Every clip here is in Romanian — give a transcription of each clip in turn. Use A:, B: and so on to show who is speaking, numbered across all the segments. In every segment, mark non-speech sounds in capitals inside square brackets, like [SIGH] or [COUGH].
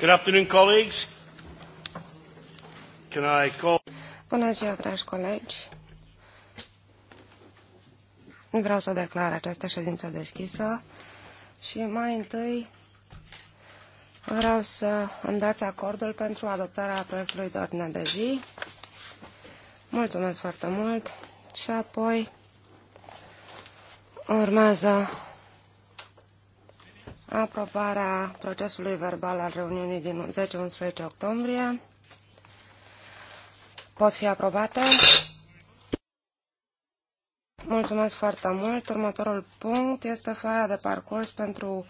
A: Good afternoon, colleagues. Can I call...
B: Bună ziua, dragi colegi. Vreau să declar această ședință deschisă și mai întâi vreau să îmi dați acordul pentru adoptarea proiectului de ordine de zi. Mulțumesc foarte mult și apoi urmează aprobarea procesului verbal al reuniunii din 10-11 octombrie. Pot fi aprobate. Mulțumesc foarte mult. Următorul punct este foaia de parcurs pentru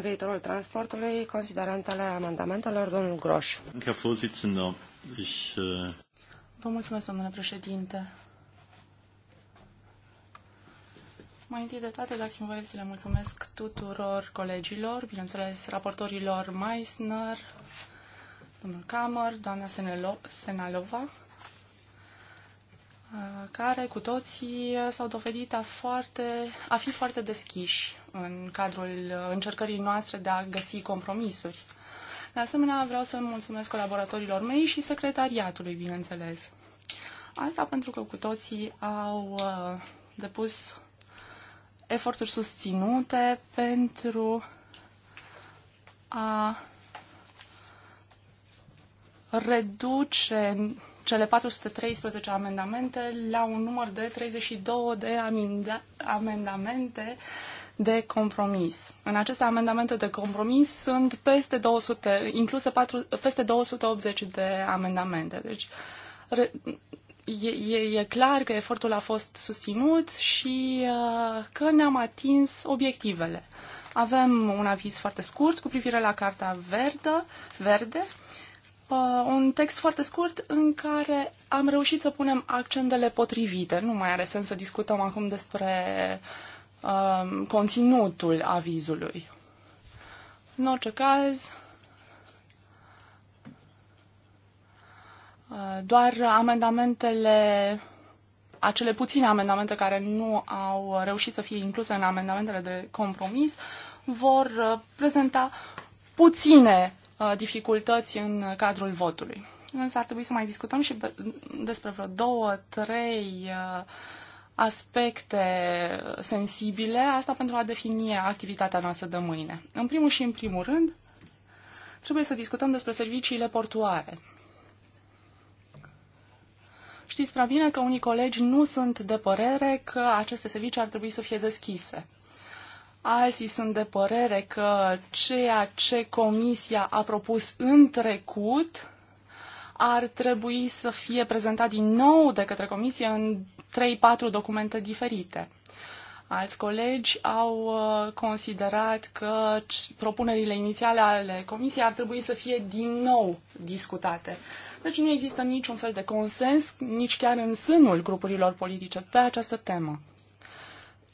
B: viitorul transportului, considerantele amendamentelor, domnul Groș. Äh,
C: Vă mulțumesc, domnule președinte. Mai întâi de toate, dați-mi voie să le mulțumesc tuturor colegilor, bineînțeles raportorilor Meissner, domnul Camăr, doamna Senalova, uh, care cu toții s-au dovedit a, foarte, a fi foarte deschiși în cadrul încercării noastre de a găsi compromisuri. De asemenea, vreau să mulțumesc colaboratorilor mei și secretariatului, bineînțeles. Asta pentru că cu toții au uh, depus eforturi susținute pentru a reduce cele 413 amendamente la un număr de 32 de amendamente de compromis. În aceste amendamente de compromis sunt peste 200, incluse 4, peste 280 de amendamente. Deci, re, e, e, e clar că efortul a fost susținut și uh, că ne-am atins obiectivele. Avem un aviz foarte scurt cu privire la Carta Verde, verde uh, un text foarte scurt în care am reușit să punem accentele potrivite. Nu mai are sens să discutăm acum despre uh, conținutul avizului. În orice caz, Uh, doar amendamentele, acele puține amendamente care nu au reușit să fie incluse în amendamentele de compromis, vor uh, prezenta puține uh, dificultăți în cadrul votului. Însă ar trebui să mai discutăm și despre vreo două, trei aspecte sensibile, asta pentru a defini activitatea noastră de mâine. În primul și în primul rând, trebuie să discutăm despre serviciile portuare. Știți prea bine că unii colegi nu sunt de părere că aceste servicii ar trebui să fie deschise. Alții sunt de părere că ceea ce Comisia a propus în trecut ar trebui să fie prezentat din nou de către Comisie în 3-4 documente diferite. Alți colegi au uh, considerat că propunerile inițiale ale Comisiei ar trebui să fie din nou discutate. Deci nu există niciun fel de consens, nici chiar în sânul grupurilor politice pe această temă.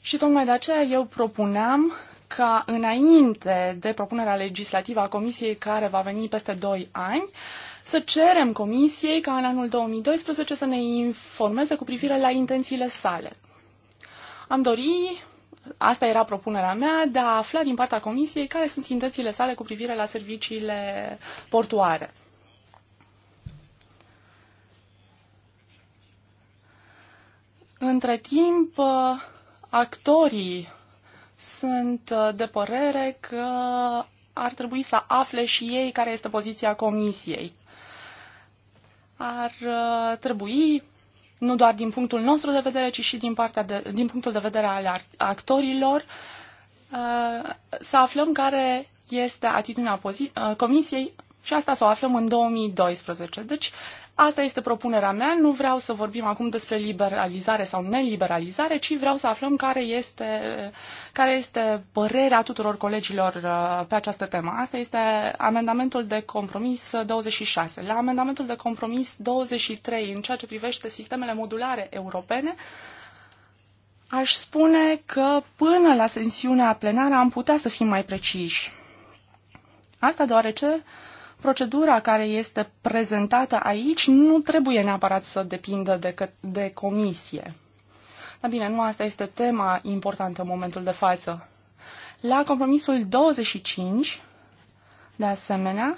C: Și tocmai de aceea eu propuneam ca înainte de propunerea legislativă a Comisiei care va veni peste 2 ani, să cerem Comisiei ca în anul 2012 să ne informeze cu privire la intențiile sale. Am dori, asta era propunerea mea, de a afla din partea Comisiei care sunt intențiile sale cu privire la serviciile portuare. Între timp, uh, actorii sunt uh, de părere că ar trebui să afle și ei care este poziția comisiei. Ar uh, trebui, nu doar din punctul nostru de vedere, ci și din, partea de, din punctul de vedere al actorilor, să aflăm care este atitudinea comisiei și asta să o aflăm în 2012. Deci Asta este propunerea mea. Nu vreau să vorbim acum despre liberalizare sau neliberalizare, ci vreau să aflăm care este, care este părerea tuturor colegilor uh, pe această temă. Asta este amendamentul de compromis 26. Uh, la amendamentul de compromis 23, în ceea ce privește sistemele modulare europene, aș spune că până la sesiunea plenară am putea să fim mai preciși. Asta deoarece uh, procedura care este prezentată aici nu trebuie neapărat să depindă de, că, de comisie. Dar bine, nu asta este tema importantă în momentul de față. La compromisul 25, de asemenea,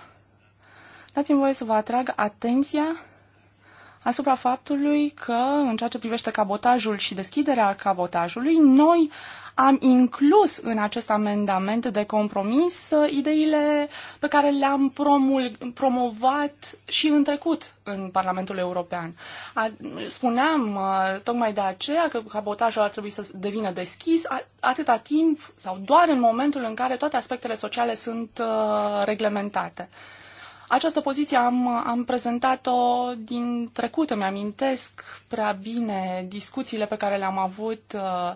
C: dați-mi voie să vă atrag atenția asupra faptului că, în ceea ce privește cabotajul și deschiderea cabotajului, noi am inclus în acest amendament de compromis uh, ideile pe care le-am promovat și în trecut în Parlamentul European. spuneam uh, tocmai de aceea că cabotajul ar trebui să devină deschis atâta timp sau doar în momentul în care toate aspectele sociale sunt uh, reglementate. Această poziție am, am prezentat-o din trecut, îmi amintesc prea bine discuțiile pe care le-am avut uh,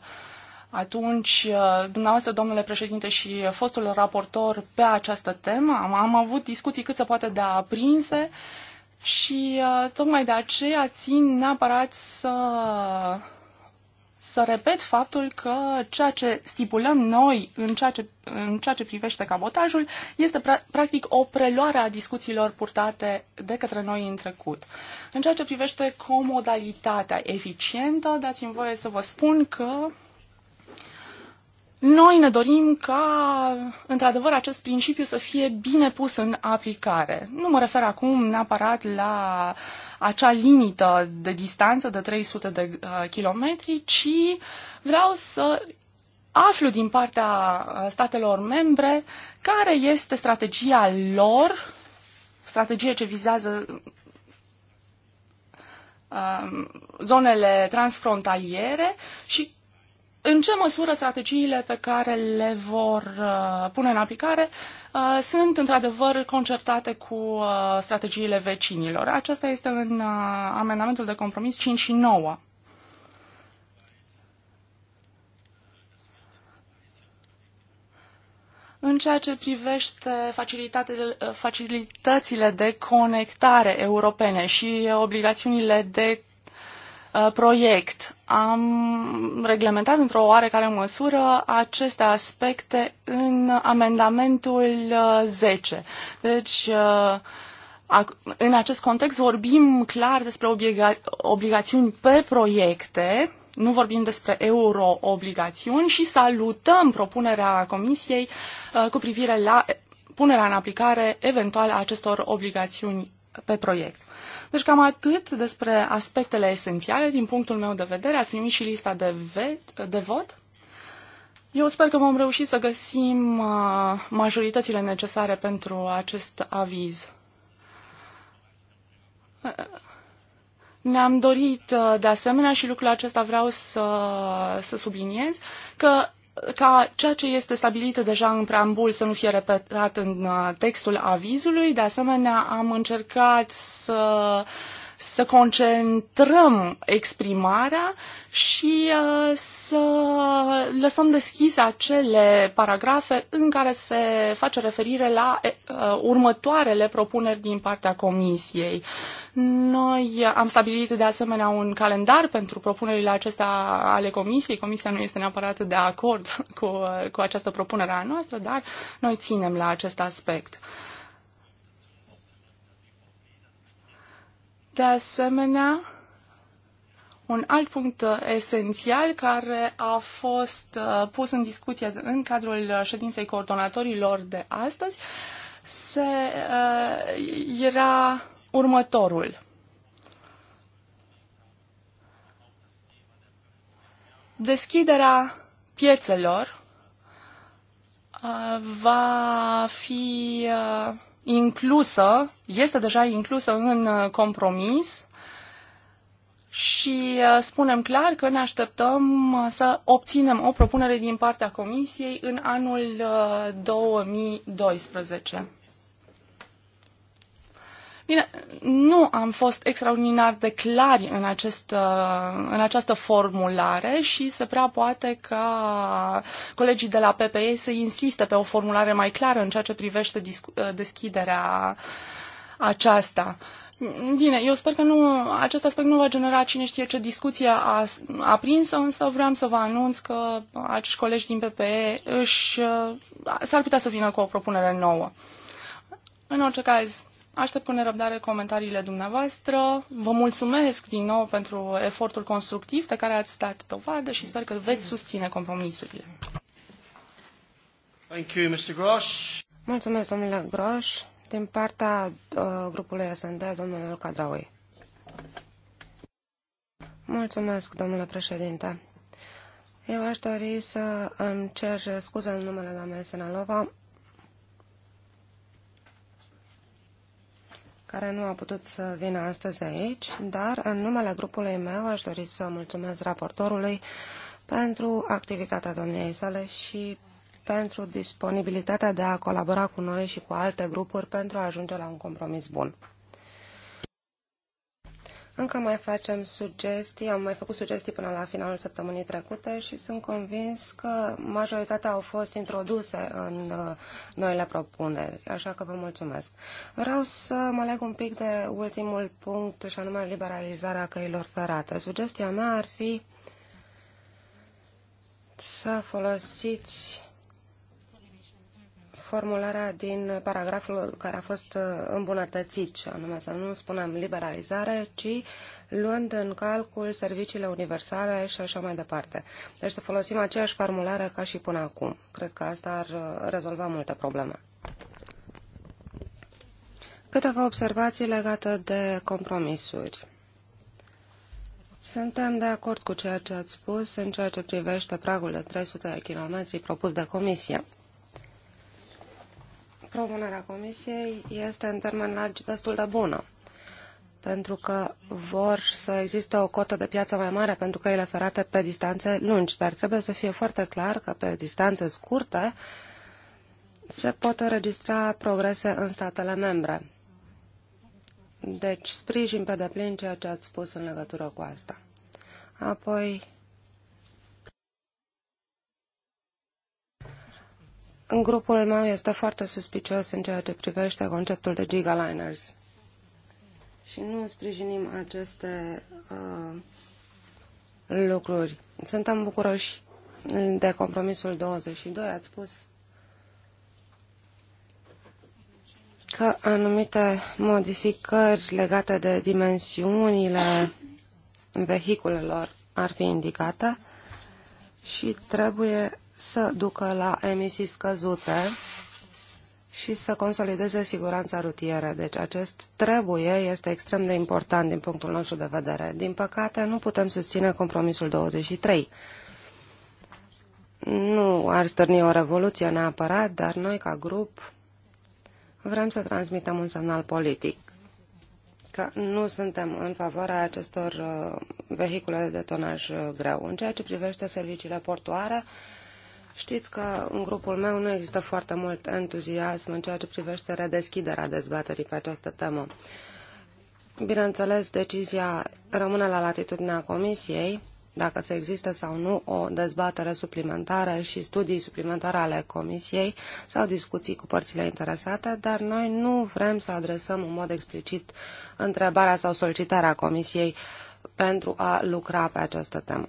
C: atunci, uh, dumneavoastră, domnule președinte și fostul raportor pe această temă, am, am avut discuții cât se poate de aprinse și uh, tocmai de aceea țin neapărat să să repet faptul că ceea ce stipulăm noi în ceea ce, în ceea ce privește cabotajul este pra- practic o preluare a discuțiilor purtate de către noi în trecut. În ceea ce privește comodalitatea eficientă, dați-mi voie să vă spun că noi ne dorim ca, într-adevăr, acest principiu să fie bine pus în aplicare. Nu mă refer acum neapărat la uh, acea limită de distanță de 300 de uh, kilometri, ci vreau să aflu din partea uh, statelor membre care este strategia lor, strategie ce vizează um, zonele transfrontaliere și în ce măsură strategiile pe care le vor uh, pune în aplicare uh, sunt într-adevăr concertate cu uh, strategiile vecinilor. Aceasta este în amendamentul de compromis 5 și 9. În ceea ce privește facilitățile de conectare europene și obligațiunile de Uh, proiect. Am reglementat într-o oarecare măsură aceste aspecte în amendamentul 10. Uh, deci, uh, în acest context vorbim clar despre obliga- obligațiuni pe proiecte, nu vorbim despre euro-obligațiuni și salutăm propunerea Comisiei cu privire la punerea în aplicare eventual a acestor obligațiuni pe proiect. Deci cam atât despre aspectele esențiale din punctul meu de vedere. Ați primit și lista de, vet, de vot. Eu sper că vom reuși să găsim uh, majoritățile necesare pentru acest aviz. Uh, ne-am dorit uh, de asemenea și lucrul acesta vreau să, să subliniez că ca ceea ce este stabilit deja în preambul să nu fie repetat în uh, textul avizului. De asemenea, am încercat să uh, să concentrăm exprimarea și uh, să lăsăm deschise acele paragrafe în care se face referire la uh, următoarele propuneri din partea Comisiei. Noi am stabilit de asemenea un calendar pentru propunerile acestea ale Comisiei. Comisia nu este neapărat de acord [LAUGHS] cu, cu această propunere a noastră, dar noi ținem la acest aspect. De asemenea, un alt punct uh, esențial care a fost uh, pus în discuție în cadrul ședinței coordonatorilor de astăzi se, uh, era următorul. Deschiderea piețelor va fi inclusă, este deja inclusă în uh, compromis și uh, spunem clar că ne așteptăm uh, să obținem o propunere din partea Comisiei în anul 2012. Bine, nu am fost extraordinar de clari în, acest, uh, în această formulare și se prea poate ca colegii de la PPE să insiste pe o formulare mai clară în ceea ce privește uh, deschiderea aceasta. Bine, eu sper că nu, acest aspect nu va genera cine știe ce discuție a, aprinsă, însă vreau să vă anunț că acești colegi din PPE își, uh, s-ar putea să vină cu o propunere nouă. În orice caz, Aștept cu nerăbdare comentariile dumneavoastră. Vă mulțumesc din nou pentru efortul constructiv de care ați dat dovadă și sper că veți susține compromisurile.
A: Thank you, Mr. Grosh.
B: Mulțumesc, domnule Groș. Din partea uh, grupului SND, domnul Cadraui. Mulțumesc, domnule președinte. Eu aș dori să îmi cer scuze în numele doamnei Senalova care nu a putut să vină astăzi aici, dar în numele grupului meu aș dori să mulțumesc raportorului pentru activitatea domniei sale și pentru disponibilitatea de a colabora cu noi și cu alte grupuri pentru a ajunge la un compromis bun. Încă mai facem sugestii, am mai făcut sugestii până la finalul săptămânii trecute și sunt convins că majoritatea au fost introduse în uh, noile propuneri, așa că vă mulțumesc. Vreau să mă leg un pic de ultimul punct și anume liberalizarea căilor ferate. Sugestia mea ar fi să folosiți formularea din paragraful care a fost uh, îmbunătățit, și anume să nu spunem liberalizare, ci luând în calcul serviciile universale și așa mai departe. Deci să folosim aceeași formulare ca și până acum. Cred că asta ar uh, rezolva multe probleme. Câteva observații legate de compromisuri. Suntem de acord cu ceea ce ați spus în ceea ce privește pragul de 300 de km propus de comisie propunerea Comisiei este în termen largi destul de bună, pentru că vor să existe o cotă de piață mai mare pentru căile ferate pe distanțe lungi, dar trebuie să fie foarte clar că pe distanțe scurte se pot înregistra progrese în statele membre. Deci sprijin pe deplin ceea ce ați spus în legătură cu asta. Apoi, în grupul meu este foarte suspicios în ceea ce privește conceptul de gigaliners. Și nu sprijinim aceste uh, lucruri. Suntem bucuroși de compromisul 22, ați spus că anumite modificări legate de dimensiunile vehiculelor ar fi indicate și trebuie să ducă la emisii scăzute și să consolideze siguranța rutieră. Deci acest trebuie este extrem de important din punctul nostru de vedere. Din păcate, nu putem susține compromisul 23. Nu ar stârni o revoluție neapărat, dar noi ca grup vrem să transmitem un semnal politic că nu suntem în favoarea acestor uh, vehicule de tonaj uh, greu. În ceea ce privește serviciile portoare, Știți că în grupul meu nu există foarte mult entuziasm în ceea ce privește redeschiderea dezbaterii pe această temă. Bineînțeles, decizia rămâne la latitudinea Comisiei, dacă să existe sau nu o dezbatere suplimentară și studii suplimentare ale Comisiei sau discuții cu părțile interesate, dar noi nu vrem să adresăm în mod explicit întrebarea sau solicitarea Comisiei pentru a lucra pe această temă.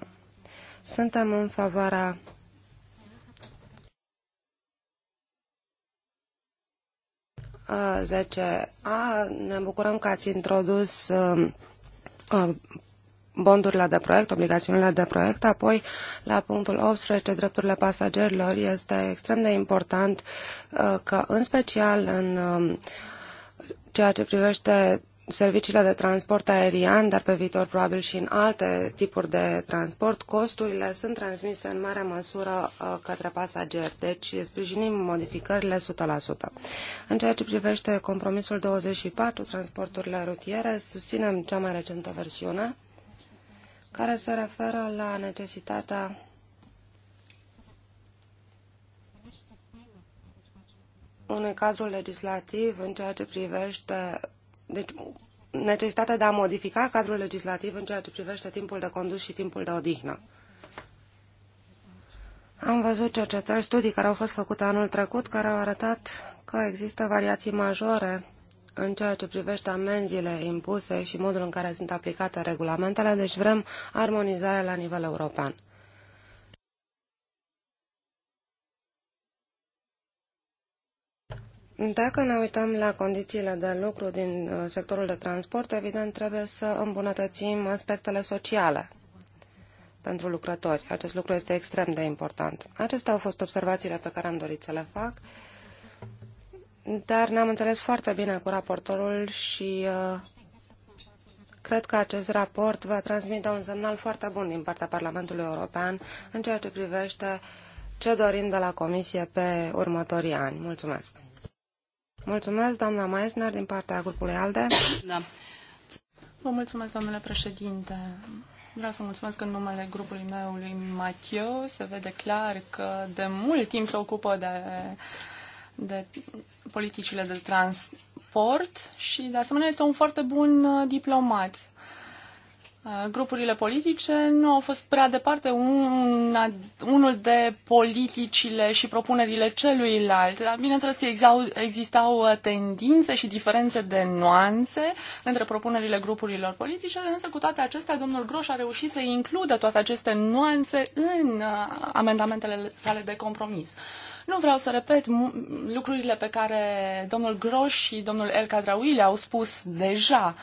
B: Suntem în favoarea 10A ne bucurăm că ați introdus bondurile de proiect, obligațiunile de proiect, apoi la punctul 18, drepturile pasagerilor, este extrem de important că, în special în ceea ce privește serviciile de transport aerian, dar pe viitor probabil și în alte tipuri de transport, costurile sunt transmise în mare măsură uh, către pasageri, deci sprijinim modificările 100%. În ceea ce privește compromisul 24, transporturile rutiere, susținem cea mai recentă versiune, care se referă la necesitatea unui cadru legislativ în ceea ce privește deci, necesitatea de a modifica cadrul legislativ în ceea ce privește timpul de condus și timpul de odihnă. Am văzut cercetări, studii care au fost făcute anul trecut, care au arătat că există variații majore în ceea ce privește amenziile impuse și modul în care sunt aplicate regulamentele, deci vrem armonizare la nivel european. Dacă ne uităm la condițiile de lucru din uh, sectorul de transport, evident trebuie să îmbunătățim aspectele sociale pentru lucrători. Acest lucru este extrem de important. Acestea au fost observațiile pe care am dorit să le fac, dar ne-am înțeles foarte bine cu raportorul și uh, cred că acest raport va transmite un semnal foarte bun din partea Parlamentului European în ceea ce privește ce dorim de la Comisie pe următorii ani. Mulțumesc! Mulțumesc, doamna Maesner, din partea grupului ALDE. Da.
C: Vă mulțumesc, domnule președinte. Vreau să mulțumesc în numele grupului meu lui Mathieu. Se vede clar că de mult timp se ocupă de, de politicile de transport și, de asemenea, este un foarte bun uh, diplomat. Uh, grupurile politice nu au fost prea departe una, unul de politicile și propunerile celuilalt. Bineînțeles că exau, existau uh, tendințe și diferențe de nuanțe între propunerile grupurilor politice, însă cu toate acestea domnul Groș a reușit să includă toate aceste nuanțe în uh, amendamentele sale de compromis. Nu vreau să repet lucrurile pe care domnul Groș și domnul El Cadraui le-au spus deja. Uh,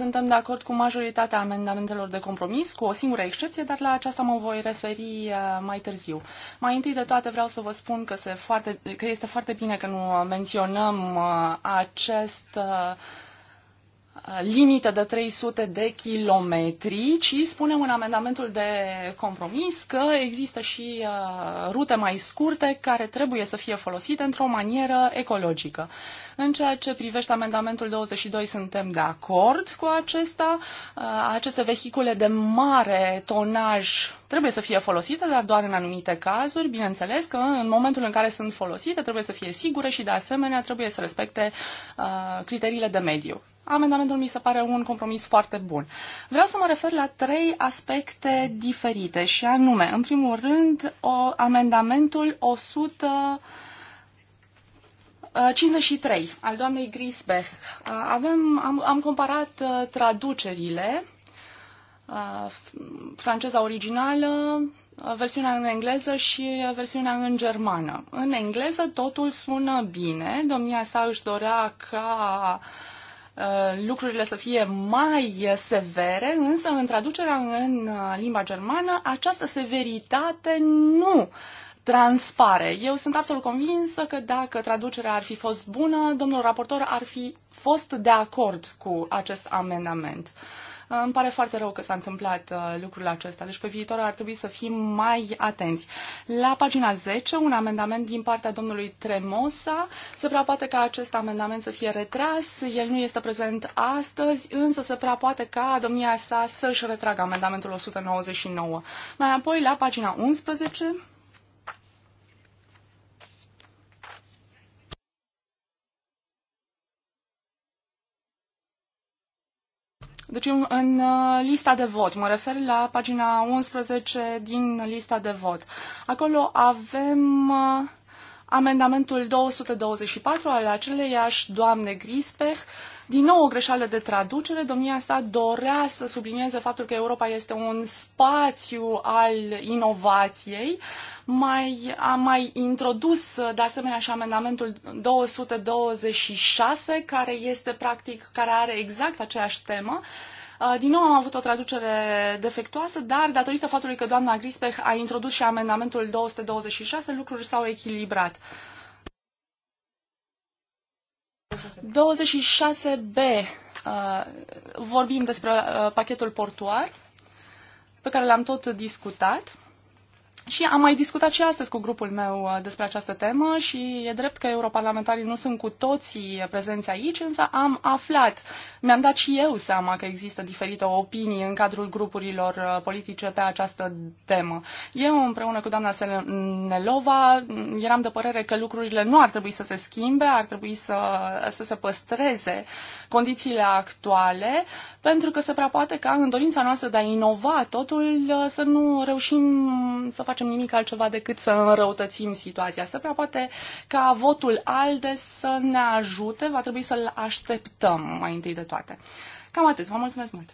C: suntem de acord cu majoritatea amendamentelor de compromis, cu o singură excepție, dar la aceasta mă voi referi uh, mai târziu. Mai întâi de toate vreau să vă spun că, se foarte, că este foarte bine că nu menționăm uh, acest uh, limită de 300 de kilometri, ci spunem în amendamentul de compromis că există și uh, rute mai scurte care trebuie să fie folosite într-o manieră ecologică. În ceea ce privește amendamentul 22, suntem de acord cu acesta. Uh, aceste vehicule de mare tonaj trebuie să fie folosite, dar doar în anumite cazuri. Bineînțeles că în momentul în care sunt folosite trebuie să fie sigure și, de asemenea, trebuie să respecte uh, criteriile de mediu. Amendamentul mi se pare un compromis foarte bun. Vreau să mă refer la trei aspecte diferite și anume, în primul rând, o, amendamentul 100 53 uh, al doamnei Grisbeck. Uh, avem, am, am comparat uh, traducerile, franceza originală, versiunea în engleză și versiunea în germană. În engleză totul sună bine, domnia sa își dorea ca uh, Uh, lucrurile să fie mai severe, însă în traducerea în uh, limba germană această severitate nu transpare. Eu sunt absolut convinsă că dacă traducerea ar fi fost bună, domnul raportor ar fi fost de acord cu acest amendament. Uh, Uh, îmi pare foarte rău că s-a întâmplat uh, lucrul acesta, deci pe viitor ar trebui să fim mai atenți. La pagina 10, un amendament din partea domnului Tremosa. Se prea poate ca acest amendament să fie retras, el nu este prezent astăzi, însă se prea poate ca domnia sa să-și retragă amendamentul 199. Mai apoi, la pagina 11, Deci în, în uh, lista de vot, mă refer la pagina 11 din lista de vot. Acolo avem uh, amendamentul 224 al aceleiași doamne Grisbech, din nou o greșeală de traducere. Domnia sa dorea să sublinieze faptul că Europa este un spațiu al inovației. Mai, a mai introdus de asemenea și amendamentul 226, care este practic, care are exact aceeași temă. Uh, din nou am avut o traducere defectuoasă, dar datorită faptului că doamna Grisbech a introdus și amendamentul 226, lucruri s-au echilibrat. 26B uh, vorbim despre uh, pachetul portuar pe care l-am tot discutat. Și am mai discutat și astăzi cu grupul meu uh, despre această temă și e drept că europarlamentarii nu sunt cu toții prezenți aici, însă am aflat, mi-am dat și eu seama că există diferite opinii în cadrul grupurilor uh, politice pe această temă. Eu împreună cu doamna Senelova eram de părere că lucrurile nu ar trebui să se schimbe, ar trebui să, să se păstreze condițiile actuale, pentru că se prea poate ca în dorința noastră de a inova totul uh, să nu reușim să facem facem nimic altceva decât să înrăutățim situația. Să prea poate ca votul ALDE să ne ajute, va trebui să-l așteptăm mai întâi de toate. Cam atât. Vă mulțumesc mult!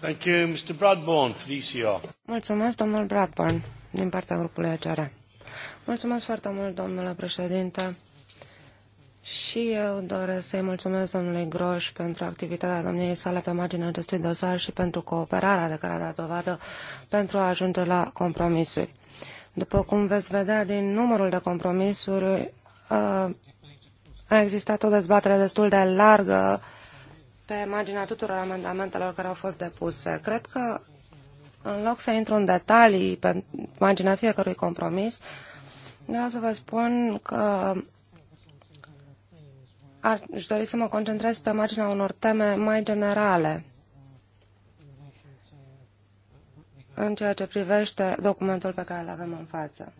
A: Thank you, Mr. Bradburn, for the ECR.
B: Mulțumesc, domnul Bradburn, din partea grupului ACR. Mulțumesc foarte mult, domnule președinte. Și eu doresc să-i mulțumesc domnului Groș pentru activitatea domniei sale pe marginea acestui dosar și pentru cooperarea de care a dat dovadă pentru a ajunge la compromisuri. După cum veți vedea din numărul de compromisuri, uh, a existat o dezbatere destul de largă pe marginea tuturor amendamentelor care au fost depuse. Cred că, în loc să intru în detalii pe marginea fiecărui compromis, vreau să vă spun că aș dori să mă concentrez pe marginea unor teme mai generale în ceea ce privește documentul pe care îl avem în față.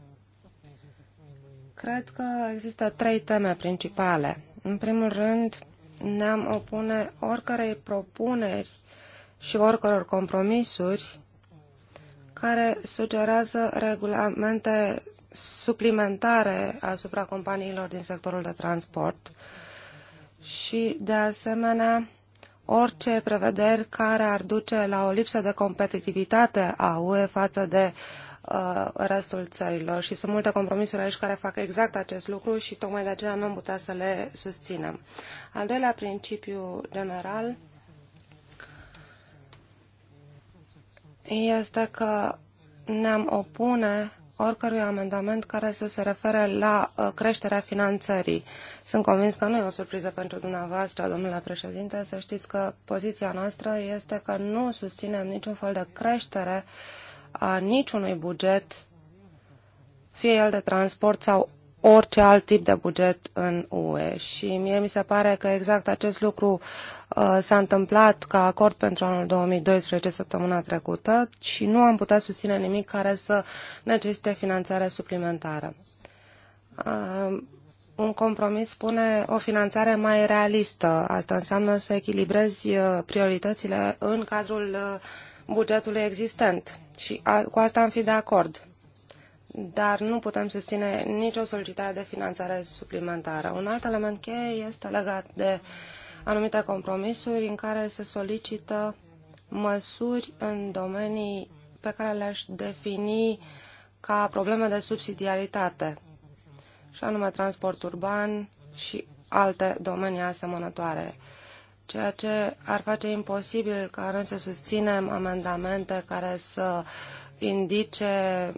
B: Cred că există trei teme principale. În primul rând, ne-am opune oricărei propuneri și oricăror compromisuri care sugerează regulamente suplimentare asupra companiilor din sectorul de transport, uh, și, de asemenea, orice prevederi care ar duce la o lipsă de competitivitate a UE față de uh, restul țărilor și sunt multe compromisuri aici care fac exact acest lucru și tocmai de aceea nu am putea să le susținem. Al doilea principiu general este că ne-am opune oricărui amendament care să se refere la uh, creșterea finanțării. Sunt convins că nu e o surpriză pentru dumneavoastră, domnule președinte, să știți că poziția noastră este că nu susținem niciun fel de creștere a niciunui buget, fie el de transport sau orice alt tip de buget în UE. Și mie mi se pare că exact acest lucru uh, s-a întâmplat ca acord pentru anul 2012 săptămâna trecută și nu am putea susține nimic care să necesite finanțare suplimentară. Uh, un compromis spune o finanțare mai realistă. Asta înseamnă să echilibrezi uh, prioritățile în cadrul bugetului existent. Și cu asta am fi de acord dar nu putem susține nicio solicitare de finanțare suplimentară. Un alt element cheie este legat de anumite compromisuri în care se solicită măsuri în domenii pe care le-aș defini ca probleme de subsidiaritate, și anume transport urban și alte domenii asemănătoare, ceea ce ar face imposibil ca noi să susținem amendamente care să indice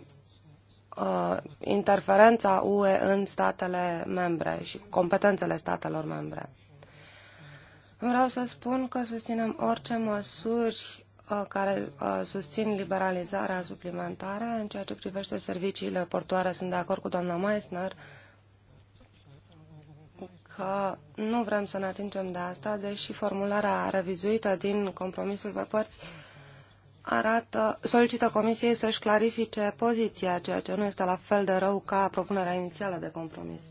B: uh, interferența UE în statele membre și competențele statelor membre. Vreau să spun că susținem orice măsuri uh, care uh, susțin liberalizarea suplimentară în ceea ce privește serviciile portoare. Sunt de acord cu doamna Meissner că nu vrem să ne atingem de asta, deși formularea revizuită din compromisul pe părți uh, arată, solicită Comisiei să-și clarifice poziția, ceea ce nu este la fel de rău ca propunerea inițială de compromis.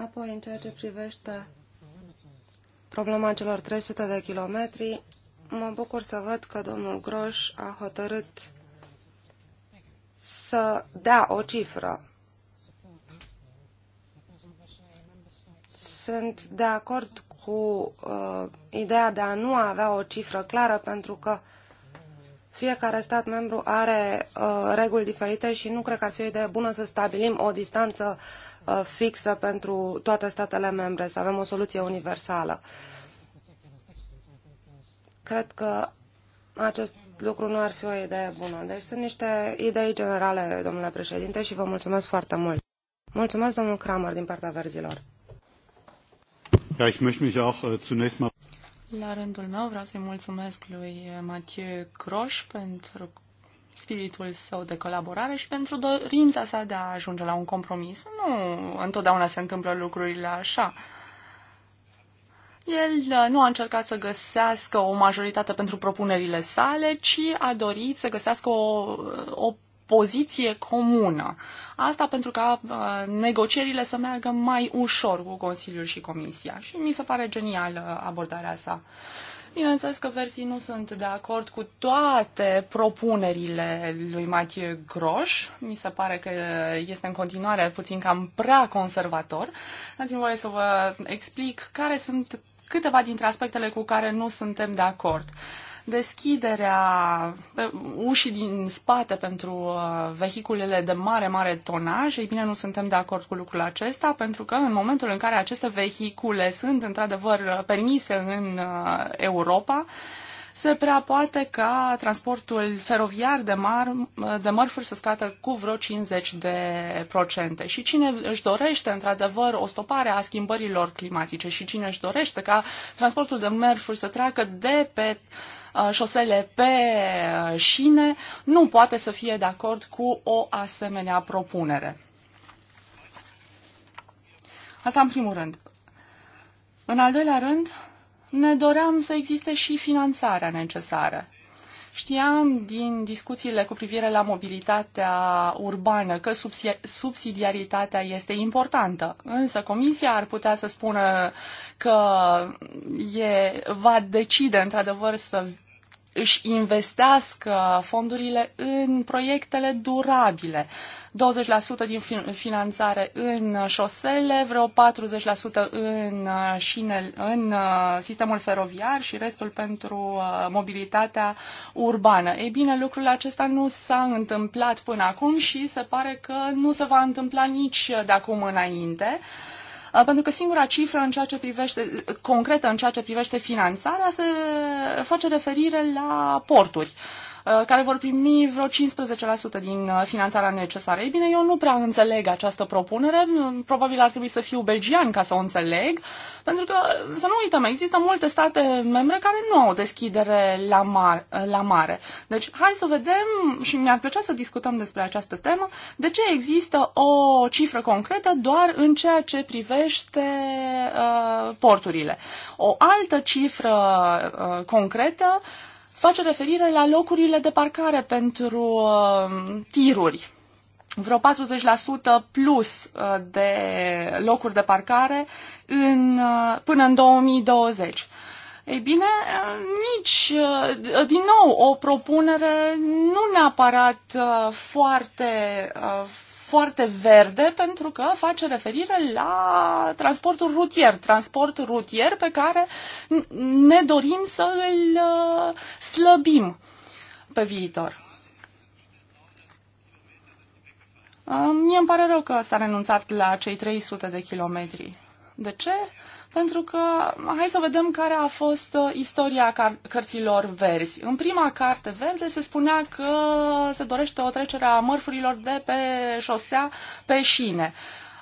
B: Apoi, în ceea ce privește problema celor 300 de kilometri, mă bucur să văd că domnul Groș a hotărât să dea o cifră. Sunt de acord cu uh, ideea de a nu avea o cifră clară, pentru că uh, fiecare stat membru are uh, reguli diferite și nu cred că ar fi o idee bună să stabilim o distanță uh, fixă pentru toate statele membre, să avem o soluție universală. Cred că acest lucru nu ar fi o idee bună. Deci sunt niște idei generale, domnule președinte, și vă mulțumesc foarte mult. Mulțumesc, domnul Kramer, din partea verzilor.
A: Ja, ich möchte mich auch äh, zunächst mal
C: la rândul meu vreau să-i mulțumesc lui Mathieu Croș pentru spiritul său de colaborare și pentru dorința sa de a ajunge la un compromis. Nu întotdeauna se întâmplă lucrurile așa. El uh, nu a încercat să găsească o majoritate pentru propunerile sale, ci a dorit să găsească o, o poziție comună. Asta pentru ca uh, negocierile să meargă mai ușor cu Consiliul și Comisia. Și mi se pare genială abordarea sa. Bineînțeles că versii nu sunt de acord cu toate propunerile lui Mathieu Groș. Mi se pare că este în continuare puțin cam prea conservator. Dați-mi voie să vă explic care sunt câteva dintre aspectele cu care nu suntem de acord. Uh, deschiderea ușii din spate pentru uh, vehiculele de mare, mare tonaj, ei bine, nu suntem de acord cu lucrul acesta, pentru că în momentul în care aceste vehicule sunt într-adevăr uh, permise în uh, Europa, se prea poate ca transportul feroviar de, mar, de mărfuri să scadă cu vreo 50 de procente. Și cine își dorește, într-adevăr, o stopare a schimbărilor climatice și cine își dorește ca transportul de mărfuri să treacă de pe uh, șosele pe uh, șine, nu poate să fie de acord cu o asemenea propunere. Asta în primul rând. În al doilea rând, ne doream să existe și finanțarea necesară. Știam din discuțiile cu privire la mobilitatea urbană că subsidiaritatea este importantă, însă Comisia ar putea să spună că e, va decide într-adevăr să își investească fondurile în proiectele durabile. 20% din finanțare în șosele, vreo 40% în, uh, șinel, în uh, sistemul feroviar și restul pentru uh, mobilitatea urbană. Ei bine, lucrul acesta nu s-a întâmplat până acum și se pare că nu se va întâmpla nici de acum înainte. Uh, Uh, pentru că singura cifră în ceea ce privește, concretă în ceea ce privește finanțarea se face referire la porturi. Uh, Uh, care vor primi vreo 15% din uh, finanțarea necesară. Ei bine, eu nu prea înțeleg această propunere, probabil ar trebui să fiu belgian ca să o înțeleg, pentru că, să nu uităm, există multe state membre care nu au deschidere la, mar- uh, la mare. Deci, hai să vedem și mi-ar plăcea să discutăm despre această temă, de ce există o cifră concretă doar în ceea ce privește uh, porturile. O altă cifră uh, concretă uh, face referire la locurile de parcare pentru uh, tiruri. Vreo 40% plus uh, de locuri de parcare în, uh, până în 2020. Ei bine, uh, nici, uh, din nou, o propunere nu neapărat uh, foarte, foarte verde pentru că face referire la transportul rutier, transportul rutier pe care ne dorim să îl uh, slăbim pe viitor. Uh, mie îmi pare rău că s-a renunțat la cei 300 de kilometri. De ce? pentru că hai să vedem care a fost uh, istoria cărților verzi. În prima carte verde se spunea că se dorește o trecere a mărfurilor de pe șosea pe șine.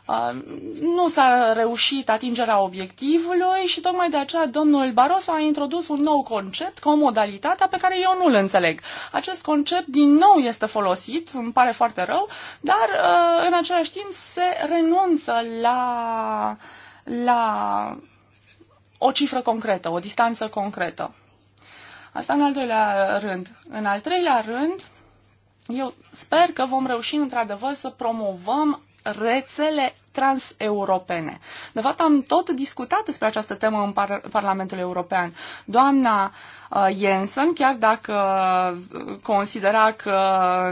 C: Uh, nu s-a reușit atingerea obiectivului și tocmai de aceea domnul Barroso a introdus un nou concept cu o modalitate pe care eu nu-l înțeleg. Acest concept din nou este folosit, îmi pare foarte rău, dar uh, în același timp se renunță la uh, la o cifră concretă, o distanță concretă. Asta în al doilea rând. În al treilea rând, eu sper că vom reuși într-adevăr să promovăm rețele transeuropene. De fapt, am tot discutat despre această temă în par- Parlamentul European. Doamna uh, Jensen, chiar dacă uh, considera că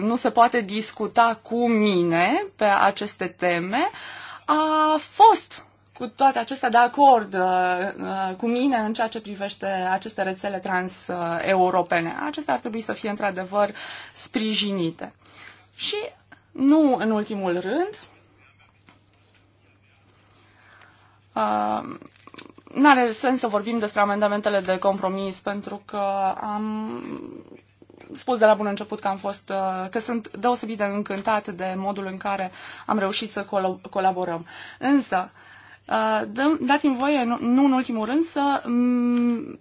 C: nu se poate discuta cu mine pe aceste teme, a fost cu toate acestea de acord uh, uh, cu mine în ceea ce privește aceste rețele transeuropene. Acestea ar trebui să fie într-adevăr sprijinite. Și nu în ultimul rând, uh, nu are sens să vorbim despre amendamentele de compromis pentru că am spus de la bun început că am fost, uh, că sunt deosebit de încântat de modul în care am reușit să col- colaborăm. Însă, Uh, dați-mi voie, nu în ultimul rând, să mm,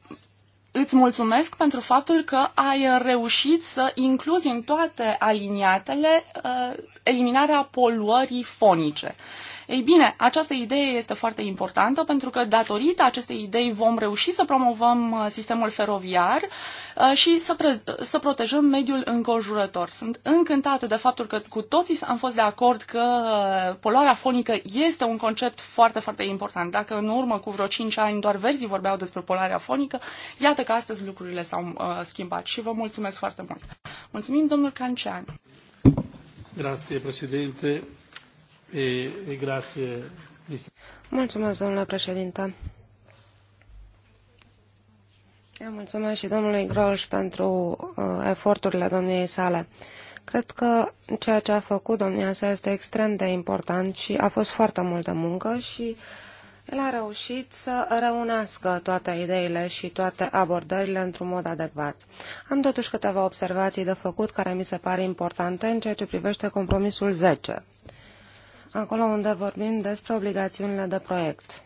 C: îți mulțumesc pentru faptul că ai reușit să incluzi în toate aliniatele uh, eliminarea poluării fonice. Uh, ei bine, această idee este foarte importantă pentru că datorită acestei idei vom reuși să promovăm uh, sistemul feroviar uh, și să, pre- să protejăm mediul înconjurător. Sunt încântată de faptul că cu toții am fost de acord că uh, poluarea fonică este un concept foarte, foarte important. Dacă în urmă cu vreo 5 ani doar verzii vorbeau despre poluarea fonică, iată că astăzi lucrurile s-au uh, schimbat și vă mulțumesc foarte mult. Mulțumim, domnul Cancean.
A: Grazie, președinte.
B: Mulțumesc, domnule președinte. Eu mulțumesc și domnului Groș pentru uh, eforturile domniei sale. Cred că ceea ce a făcut domnia sa este extrem de important și a fost foarte multă muncă și el a reușit să reunească toate ideile și toate abordările într-un mod adecvat. Am totuși câteva observații de făcut care mi se pare importante în ceea ce privește compromisul 10 acolo unde vorbim despre obligațiunile de proiect.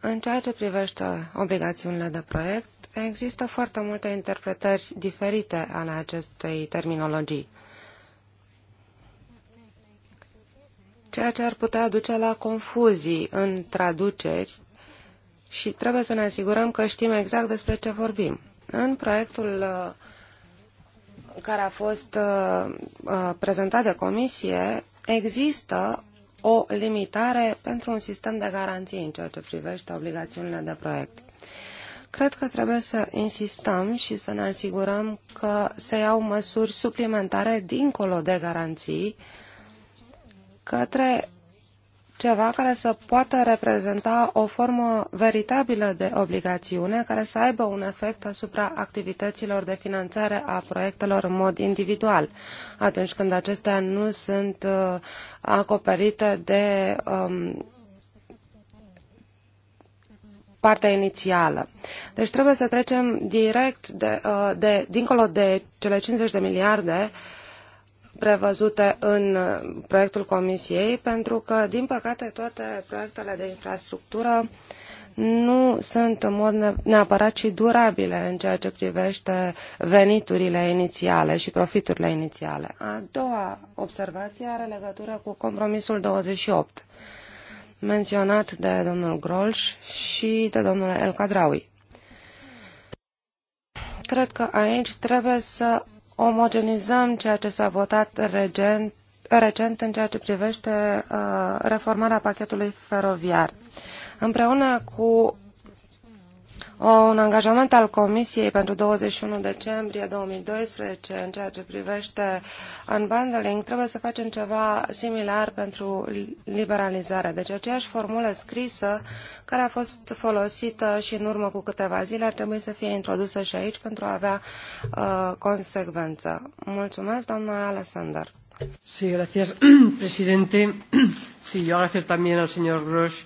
B: În ceea ce privește obligațiunile de proiect, există foarte multe interpretări diferite ale acestei terminologii, ceea ce ar putea duce la confuzii în traduceri și trebuie să ne asigurăm că știm exact despre ce vorbim. În proiectul uh, care a fost uh, uh, prezentat de comisie, există o limitare pentru un sistem de garanții în ceea ce privește obligațiunile de proiect. Cred că trebuie să insistăm și să ne asigurăm că se iau măsuri suplimentare dincolo de garanții către ceva care să poată reprezenta o formă veritabilă de obligațiune, care să aibă un efect asupra activităților de finanțare a proiectelor în mod individual, atunci când acestea nu sunt uh, acoperite de um, partea inițială. Deci trebuie să trecem direct de, uh, de, dincolo de cele 50 de miliarde uh, prevăzute în uh, proiectul Comisiei, pentru că, din păcate, toate proiectele de infrastructură nu sunt în mod neapărat și durabile în ceea ce privește veniturile inițiale și profiturile inițiale. A doua observație are legătură cu compromisul 28, menționat de domnul Grolș și de domnul El Cadraui. Cred că aici trebuie să omogenizăm ceea ce s-a votat regent, recent în ceea ce privește uh, reformarea pachetului feroviar. Împreună cu un angajament al Comisiei pentru 21 decembrie 2012 în ceea ce privește unbundling, trebuie să facem ceva similar pentru liberalizare. Deci aceeași formulă scrisă care a fost folosită și în urmă cu câteva zile ar trebui să fie introdusă și aici pentru a avea uh, consecvență. Mulțumesc, doamna Alessander.
A: Sí, gracias, [CLEARS THROAT] presidente. [CLEARS THROAT] Sí, yo agradecer también al señor Grosch.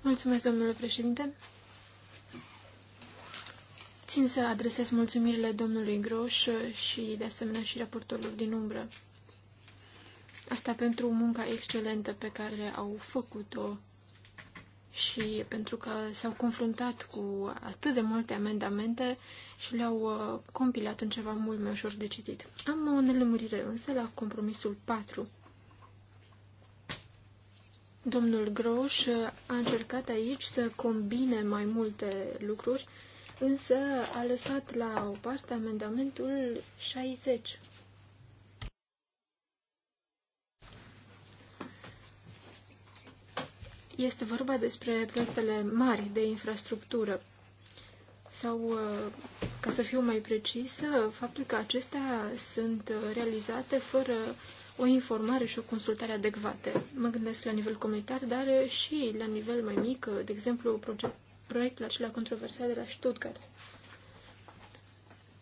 D: Mulțumesc, domnule președinte. Țin să adresez mulțumirile domnului Groș și, de asemenea, și raportorilor din umbră. Asta pentru munca excelentă pe care au făcut-o și pentru că s-au confruntat cu atât de multe amendamente și le-au uh, compilat în ceva mult mai ușor de citit. Am o nelămurire însă la compromisul 4. Domnul Groș a încercat aici să combine mai multe lucruri însă a lăsat la o parte amendamentul 60. Este vorba despre proiectele mari de infrastructură sau, uh, ca să fiu mai precisă, faptul că acestea sunt uh, realizate fără o informare și o consultare adecvate. Mă gândesc la nivel comunitar, dar și la nivel mai mic, uh, de exemplu, proiectul acela controversat de la Stuttgart.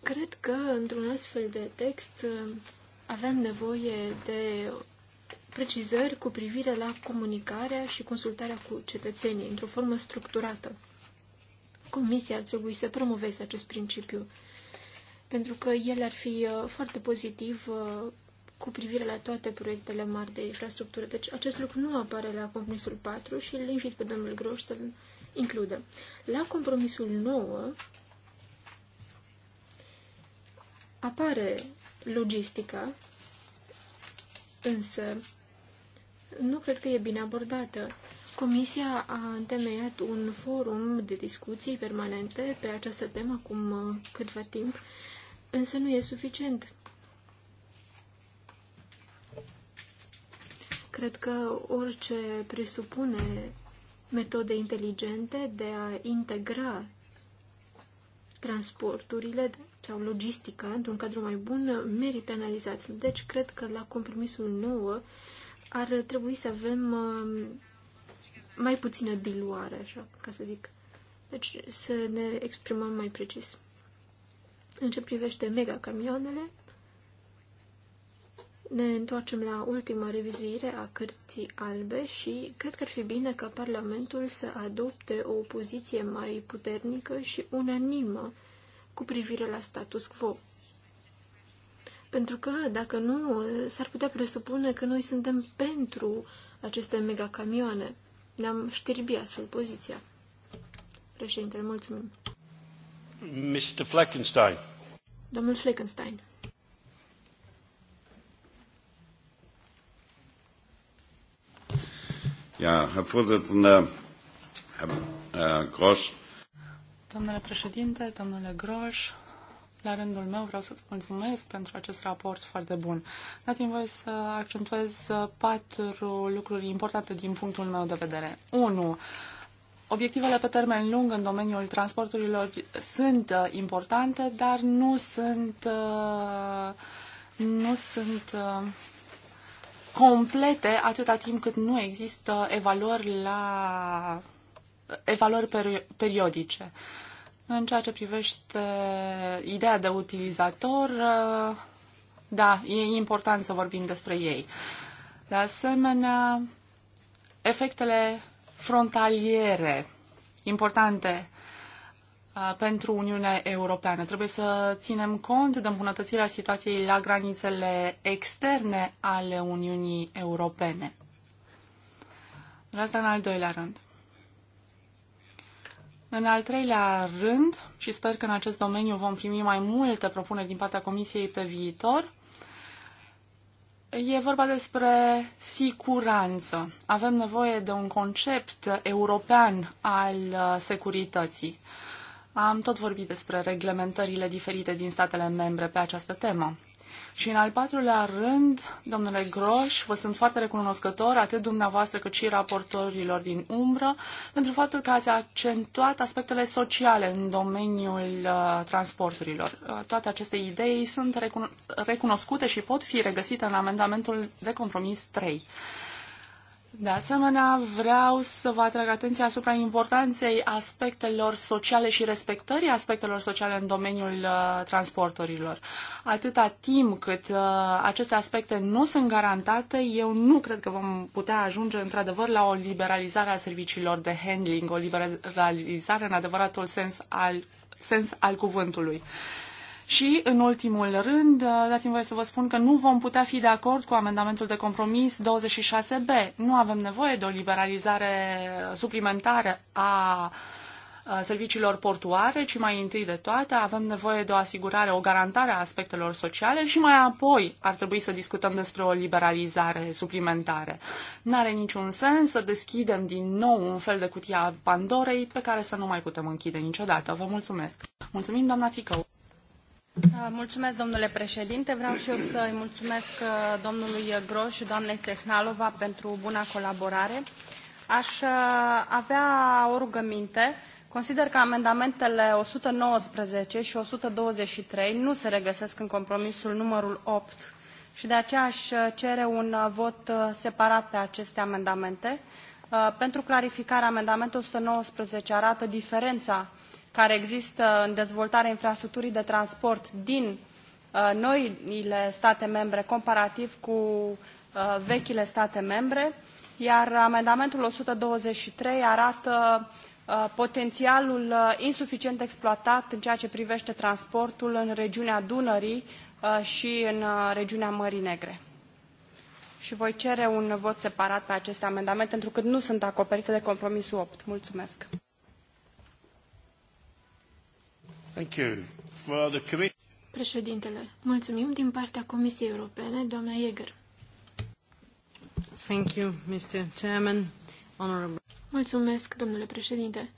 D: Cred că într-un astfel de text avem nevoie de precizări cu privire la comunicarea și consultarea cu cetățenii într-o formă structurată. Comisia ar trebui să promoveze acest principiu, pentru că el ar fi uh, foarte pozitiv uh, cu privire la toate proiectele mari de infrastructură. Deci acest lucru nu apare la compromisul 4 și îl invit pe domnul Groș să include. La compromisul 9 apare logistica, însă nu cred că e bine abordată. Comisia a întemeiat un forum de discuții permanente pe această temă acum uh, câtva timp, însă nu e suficient. Cred că orice presupune metode inteligente de a integra transporturile sau logistica într-un cadru mai bun merită analizat. Deci, cred că la compromisul nou ar trebui să avem um, mai puțină diluare, așa, ca să zic. Deci, să ne exprimăm mai precis. În ce privește mega camioanele, ne întoarcem la ultima revizuire a cărții albe și cred că ar fi bine ca Parlamentul să adopte o poziție mai puternică și unanimă cu privire la status quo. Pentru că, dacă nu, s-ar putea presupune că noi suntem pentru aceste megacamioane. Ne-am știrbi astfel poziția. Președinte, mulțumim.
A: Mr. Fleckenstein.
D: Domnul Fleckenstein.
A: Ja, Herr Vorsitzender, Herr äh, Grosch.
C: Domnule președinte, domnule Groș, la rândul meu vreau să-ți mulțumesc pentru acest raport foarte bun. Dați-mi voie să accentuez uh, patru lucruri importante din punctul meu de vedere. 1. Obiectivele pe termen lung în domeniul transporturilor sunt uh, importante, dar nu sunt, uh, nu sunt complete atâta timp cât nu există evaluări la evaluări periodice. În ceea ce privește ideea de utilizator, uh, da, e important să vorbim despre ei. De asemenea, efectele frontaliere importante Uh, pentru Uniunea Europeană. Trebuie să ținem cont de îmbunătățirea situației la granițele externe ale Uniunii Europene. asta în al doilea rând. În al treilea rând, și sper că în acest domeniu vom primi mai multe propuneri din partea Comisiei pe viitor, e vorba despre siguranță. Avem nevoie de un concept european al securității. Am tot vorbit despre reglementările diferite din statele membre pe această temă. Și în al patrulea rând, domnule Groș, vă sunt foarte recunoscător, atât dumneavoastră cât și raportorilor din umbră, pentru faptul că ați accentuat aspectele sociale în domeniul uh, transporturilor. Uh, toate aceste idei sunt recuno- recunoscute și pot fi regăsite în amendamentul de compromis 3. De asemenea, vreau să vă atrag atenția asupra importanței aspectelor sociale și respectării aspectelor sociale în domeniul uh, transporturilor. Atâta timp cât uh, aceste aspecte nu sunt garantate, eu nu cred că vom putea ajunge într-adevăr la o liberalizare a serviciilor de handling, o liberalizare în adevăratul sens al, sens al cuvântului. Uh, și, în ultimul rând, uh, dați-mi voie să vă spun că nu vom putea fi de acord cu amendamentul de compromis 26B. Nu avem nevoie de o liberalizare suplimentară a serviciilor portuare, ci mai întâi de toate avem nevoie de o asigurare, o garantare a aspectelor sociale și mai apoi ar trebui să discutăm despre o liberalizare suplimentare. N-are niciun sens să deschidem din nou un fel de cutia Pandorei pe care să nu mai putem închide niciodată. Vă mulțumesc! Mulțumim, doamna Țicău!
A: Da, mulțumesc, domnule președinte. Vreau și eu să îi mulțumesc uh, domnului Groș și doamnei Sehnalova pentru buna colaborare. Aș uh, avea o rugăminte. Consider că amendamentele 119 și 123 nu se regăsesc în compromisul numărul 8 și de aceea aș uh, cere un vot separat pe aceste amendamente. Pentru clarificare, amendamentul 119 arată diferența care există în dezvoltarea infrastructurii de transport din uh, noile state membre comparativ cu uh, vechile state membre, iar amendamentul 123 arată uh, potențialul insuficient exploatat în ceea ce privește transportul în regiunea Dunării și în regiunea Mării Negre. Și voi cere un vot separat pe aceste amendamente, pentru că nu sunt acoperite de compromisul 8. Mulțumesc! Thank you. For the
D: Președintele, mulțumim din partea Comisiei Europene, doamna Jäger. Thank you, Mr. Chairman. Honorable... Mulțumesc, domnule președinte.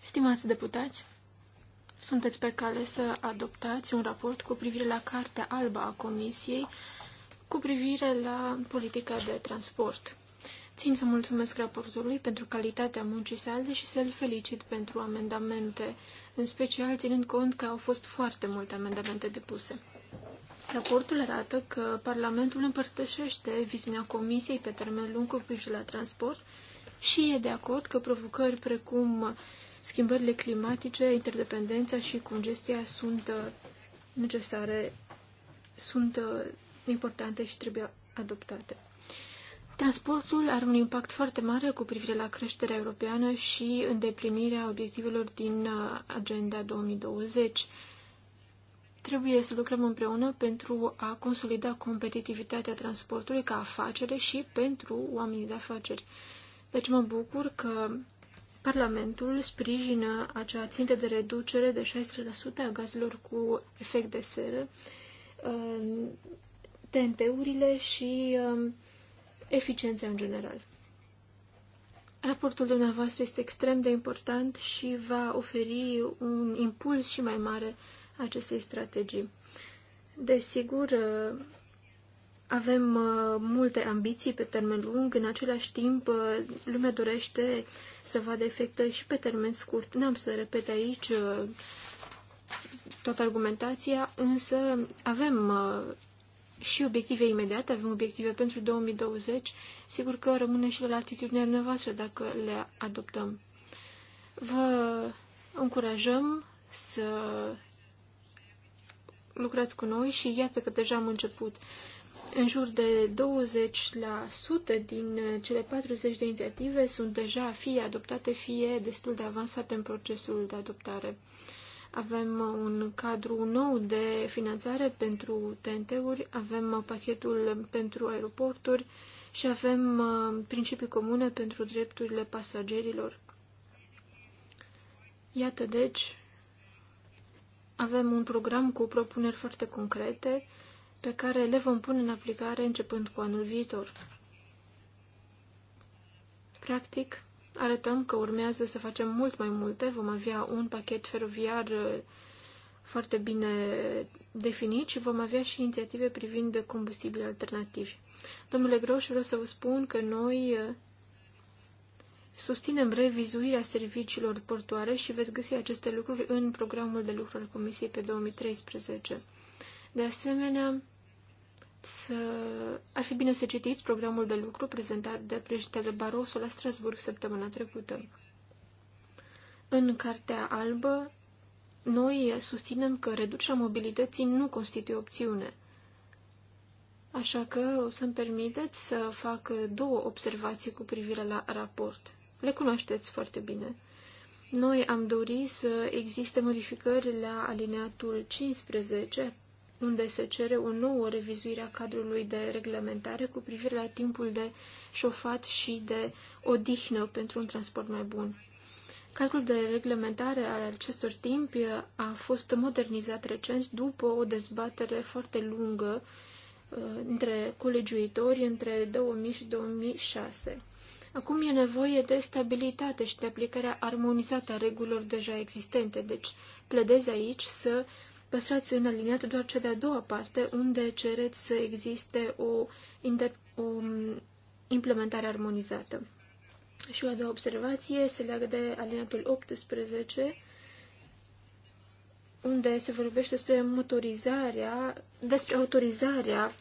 D: Stimați deputați, sunteți pe cale să adoptați un raport cu privire la Cartea Albă a Comisiei cu privire la politica de transport. Țin să mulțumesc raportului pentru calitatea muncii sale și să-l felicit pentru amendamente în special ținând cont că au fost foarte multe amendamente depuse. Raportul arată că Parlamentul împărtășește viziunea Comisiei pe termen lung cu privire la transport și e de acord că provocări precum schimbările climatice, interdependența și congestia sunt uh, necesare, sunt uh, importante și trebuie adoptate. Transportul are un impact foarte mare cu privire la creșterea europeană și îndeplinirea obiectivelor din uh, Agenda 2020. Trebuie să lucrăm împreună pentru a consolida competitivitatea transportului ca afacere și pentru oamenii de afaceri. Deci mă bucur că Parlamentul sprijină acea țintă de reducere de 16% a gazelor cu efect de seră, uh, TNT-urile și um, eficiența în general. Raportul dumneavoastră este extrem de important și va oferi un impuls și mai mare acestei strategii. Desigur, avem uh, multe ambiții pe termen lung, în același timp uh, lumea dorește să vadă efecte și pe termen scurt. N-am să repet aici uh, toată argumentația, însă avem și obiective imediate, avem obiective pentru 2020, sigur că rămâne și la atitudinea noastră dacă le adoptăm. Vă încurajăm să lucrați cu noi și iată că deja am început. În jur de 20% din cele 40 de inițiative sunt deja fie adoptate, fie destul de avansate în procesul de adoptare. Avem un cadru nou de finanțare pentru TNT-uri, avem pachetul pentru aeroporturi și avem uh, principii comune pentru drepturile pasagerilor. Iată, deci, avem un program cu propuneri foarte concrete pe care le vom pune în aplicare începând cu anul viitor. Practic, arătăm că urmează să facem mult mai multe. Vom avea un pachet feroviar uh, foarte bine definit și vom avea și inițiative privind combustibili alternativi. Domnule Groș, vreau să vă spun că noi uh, susținem revizuirea serviciilor portoare și veți găsi aceste lucruri în programul de lucru al Comisiei pe 2013. De asemenea, să... ar fi bine să citiți programul de lucru prezentat de președintele Barroso la Strasburg săptămâna trecută. În Cartea Albă, noi susținem că reducerea mobilității nu constituie opțiune. Așa că o să-mi permiteți să fac două observații cu privire la raport. Le cunoașteți foarte bine. Noi am dorit să existe modificări la alineatul 15, unde se cere o nouă revizuire a cadrului de reglementare cu privire la timpul de șofat și de odihnă pentru un transport mai bun. Cadrul de reglementare al acestor timpi a fost modernizat recent după o dezbatere foarte lungă uh, între colegiuitori între 2000 și 2006. Acum e nevoie de stabilitate și de aplicarea armonizată a regulilor deja existente, deci pledez aici să uh, păstrați în aliniat doar cea de-a doua parte, unde cereți să existe o, o um, implementare armonizată. Și o a doua observație se leagă de aliniatul 18, unde se vorbește despre motorizarea, despre autorizarea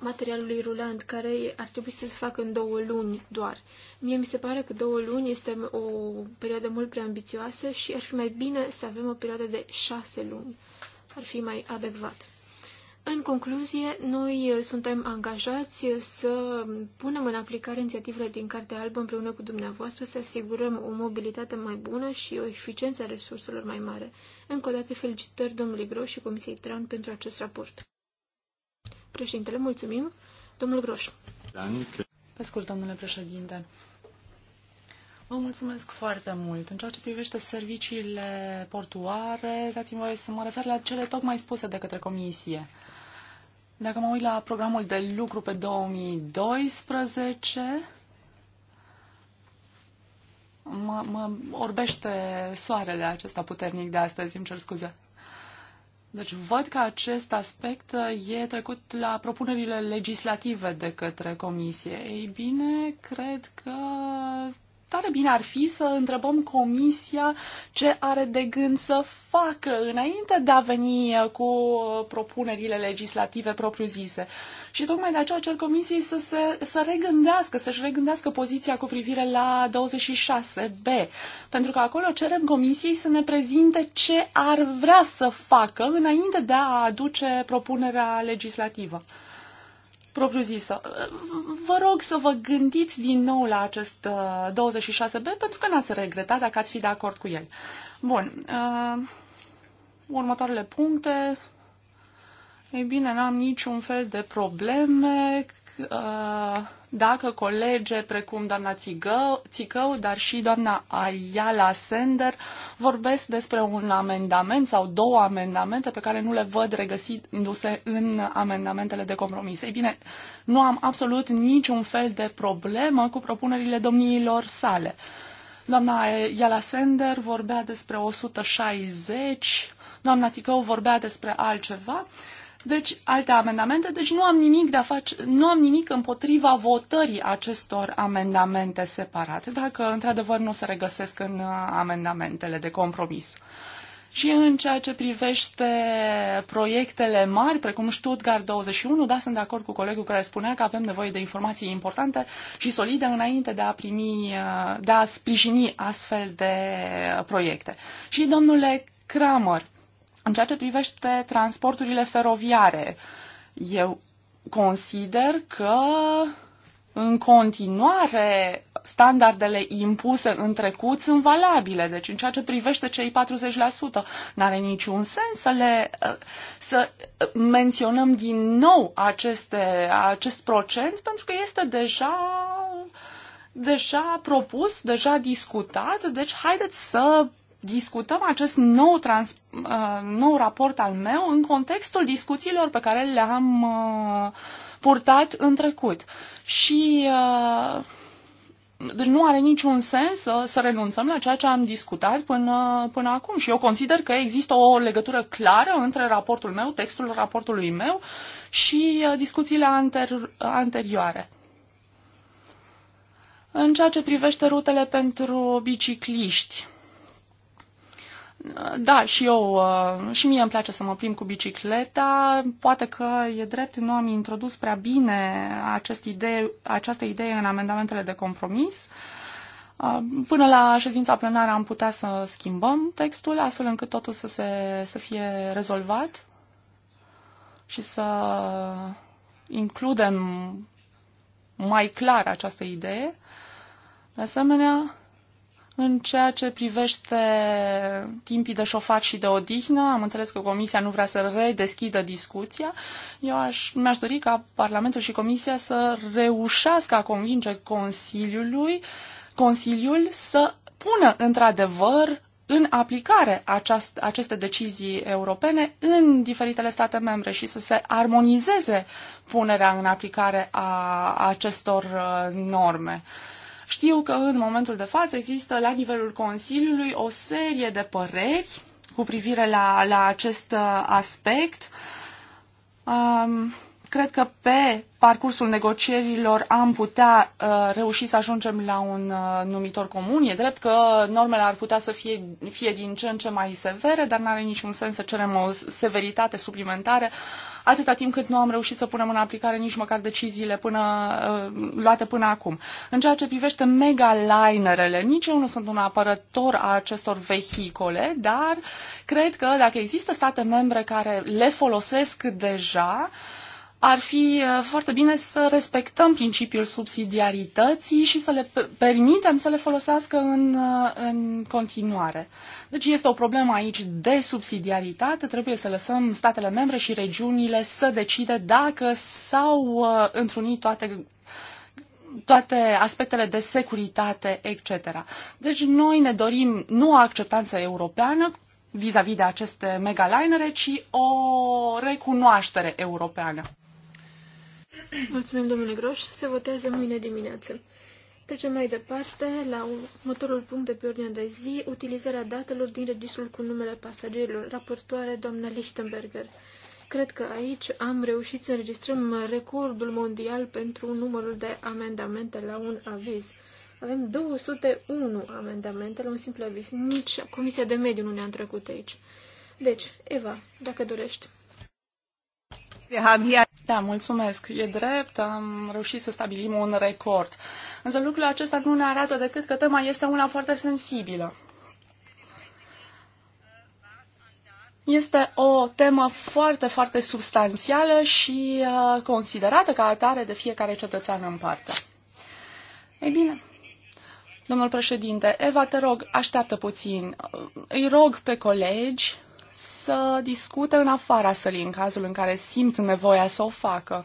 D: materialului rulant, care ar trebui să se facă în două luni doar. Mie mi se pare că două luni este o perioadă mult prea ambițioasă și ar fi mai bine să avem o perioadă de șase luni ar fi mai adecvat. În concluzie, noi uh, suntem angajați uh, să punem în aplicare inițiativele din Cartea Albă împreună cu dumneavoastră, să asigurăm o mobilitate mai bună și o eficiență a resurselor mai mare. Încă o dată felicitări domnului Groș și Comisiei Tran pentru acest raport. Președintele, mulțumim. Domnul Groș. Ascult,
C: domnule președinte, Vă mulțumesc foarte mult. În ceea ce privește serviciile portuare, dați-mi voie să mă refer la cele tocmai spuse de către Comisie. Dacă mă uit la programul de lucru pe 2012, mă, mă orbește soarele acesta puternic de astăzi, îmi cer scuze. Deci văd că acest aspect e trecut la propunerile legislative de către Comisie. Ei bine, cred că tare bine ar fi să întrebăm comisia ce are de gând să facă înainte de a veni uh, cu uh, propunerile legislative propriu-zise. Și tocmai de aceea cer comisiei să se să regândească, să-și regândească poziția cu privire la 26B, pentru că acolo cerem comisiei să ne prezinte ce ar vrea să facă înainte de a aduce propunerea legislativă propriu-zisă. Vă rog să vă gândiți din nou la acest 26B uh, pentru că n-ați regretat dacă ați fi de acord cu el. Bun. Uh, următoarele puncte. Ei bine, n-am niciun fel de probleme Uh, dacă colege precum doamna Țicău, dar și doamna Ayala Sender vorbesc despre un amendament sau două amendamente pe care nu le văd regăsindu-se în amendamentele de compromis. Ei bine, nu am absolut niciun fel de problemă cu propunerile domniilor sale. Doamna Ayala Sender vorbea despre 160, doamna Țicău vorbea despre altceva deci alte amendamente, deci nu am nimic de a face, nu am nimic împotriva votării acestor amendamente separate, dacă într-adevăr nu se regăsesc în uh, amendamentele de compromis. Și în ceea ce privește proiectele mari, precum Stuttgart 21, da, sunt de acord cu colegul care spunea că avem nevoie de informații importante și solide înainte de a primi, uh, de a sprijini astfel de proiecte. Și domnule Kramer, în ceea ce privește transporturile feroviare, eu consider că în continuare standardele impuse în trecut sunt valabile. Deci în ceea ce privește cei 40%, n-are niciun sens să le să menționăm din nou aceste, acest procent pentru că este deja deja propus, deja discutat, deci haideți să discutăm acest nou, trans, uh, nou raport al meu în contextul discuțiilor pe care le-am uh, purtat în trecut. Și uh, deci nu are niciun sens să, să renunțăm la ceea ce am discutat până, până acum. Și eu consider că există o legătură clară între raportul meu, textul raportului meu și discuțiile anter, anterioare. În ceea ce privește rutele pentru bicicliști, da, și eu, uh, și mie îmi place să mă plim cu bicicleta. Poate că e drept, nu am introdus prea bine acest idee, această idee în amendamentele de compromis. Uh, până la ședința plenară am putea să schimbăm textul, astfel încât totul să, se, să fie rezolvat și să includem mai clar această idee. De asemenea, în ceea ce privește timpii de șofat și de odihnă, am înțeles că Comisia nu vrea să redeschidă discuția. Eu aș, mi-aș dori ca Parlamentul și Comisia să reușească a convinge Consiliului, Consiliul să pună într-adevăr în aplicare aceast, aceste decizii europene în diferitele state membre și să se armonizeze punerea în aplicare a acestor uh, norme. Uh, știu că în momentul de față există la nivelul Consiliului o serie de păreri cu privire la, la acest uh, aspect. Um, Cred că pe parcursul negocierilor am putea uh, reuși să ajungem la un uh, numitor comun. E drept că normele ar putea să fie, fie din ce în ce mai severe, dar nu are niciun sens să cerem o severitate suplimentară atâta timp cât nu am reușit să punem în aplicare nici măcar deciziile până, uh, luate până acum. În ceea ce privește megalinerele, nici eu nu sunt un apărător a acestor vehicole, dar cred că dacă există state membre care le folosesc deja, uh, ar fi uh, foarte bine să respectăm principiul subsidiarității și să le permitem să le folosească în, uh, în continuare. Deci este o problemă aici de subsidiaritate, trebuie să lăsăm statele membre și regiunile să decide dacă s-au uh, întrunit toate toate aspectele de securitate, etc. Deci noi ne dorim nu o acceptanță europeană, vis-a-vis -vis de aceste megalinere, ci o recunoaștere europeană.
D: Mulțumim, domnule Groș. Se votează mâine dimineață. Trecem mai departe la următorul punct de pe ordinea de zi, utilizarea datelor din registrul cu numele pasagerilor, raportoare doamna Lichtenberger. Cred că aici am reușit să înregistrăm recordul mondial pentru numărul de amendamente la un aviz. Avem 201 amendamente la un simplu aviz. Nici Comisia de Mediu nu ne-a trecut aici. Deci, Eva, dacă dorești.
C: Da, mulțumesc. E drept, am reușit să stabilim un record. Însă lucrul acesta nu ne arată decât că tema este una foarte sensibilă. Este o temă foarte, foarte substanțială și uh, considerată ca atare de fiecare cetățean în parte. Ei bine, domnul președinte, Eva, te rog, așteaptă puțin. Uh, îi rog pe colegi să discute în afara sălii în cazul în care simt nevoia să o facă.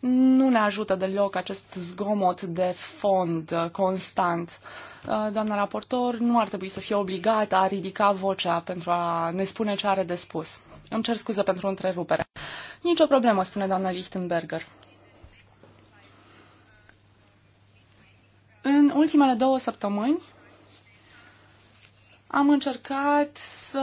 C: Nu ne ajută deloc acest zgomot de fond uh, constant. Uh, doamna raportor nu ar trebui să fie obligată a ridica vocea pentru a ne spune ce are de spus. Îmi cer scuze pentru întrerupere. Nici o problemă, spune doamna Lichtenberger. În ultimele două săptămâni am încercat să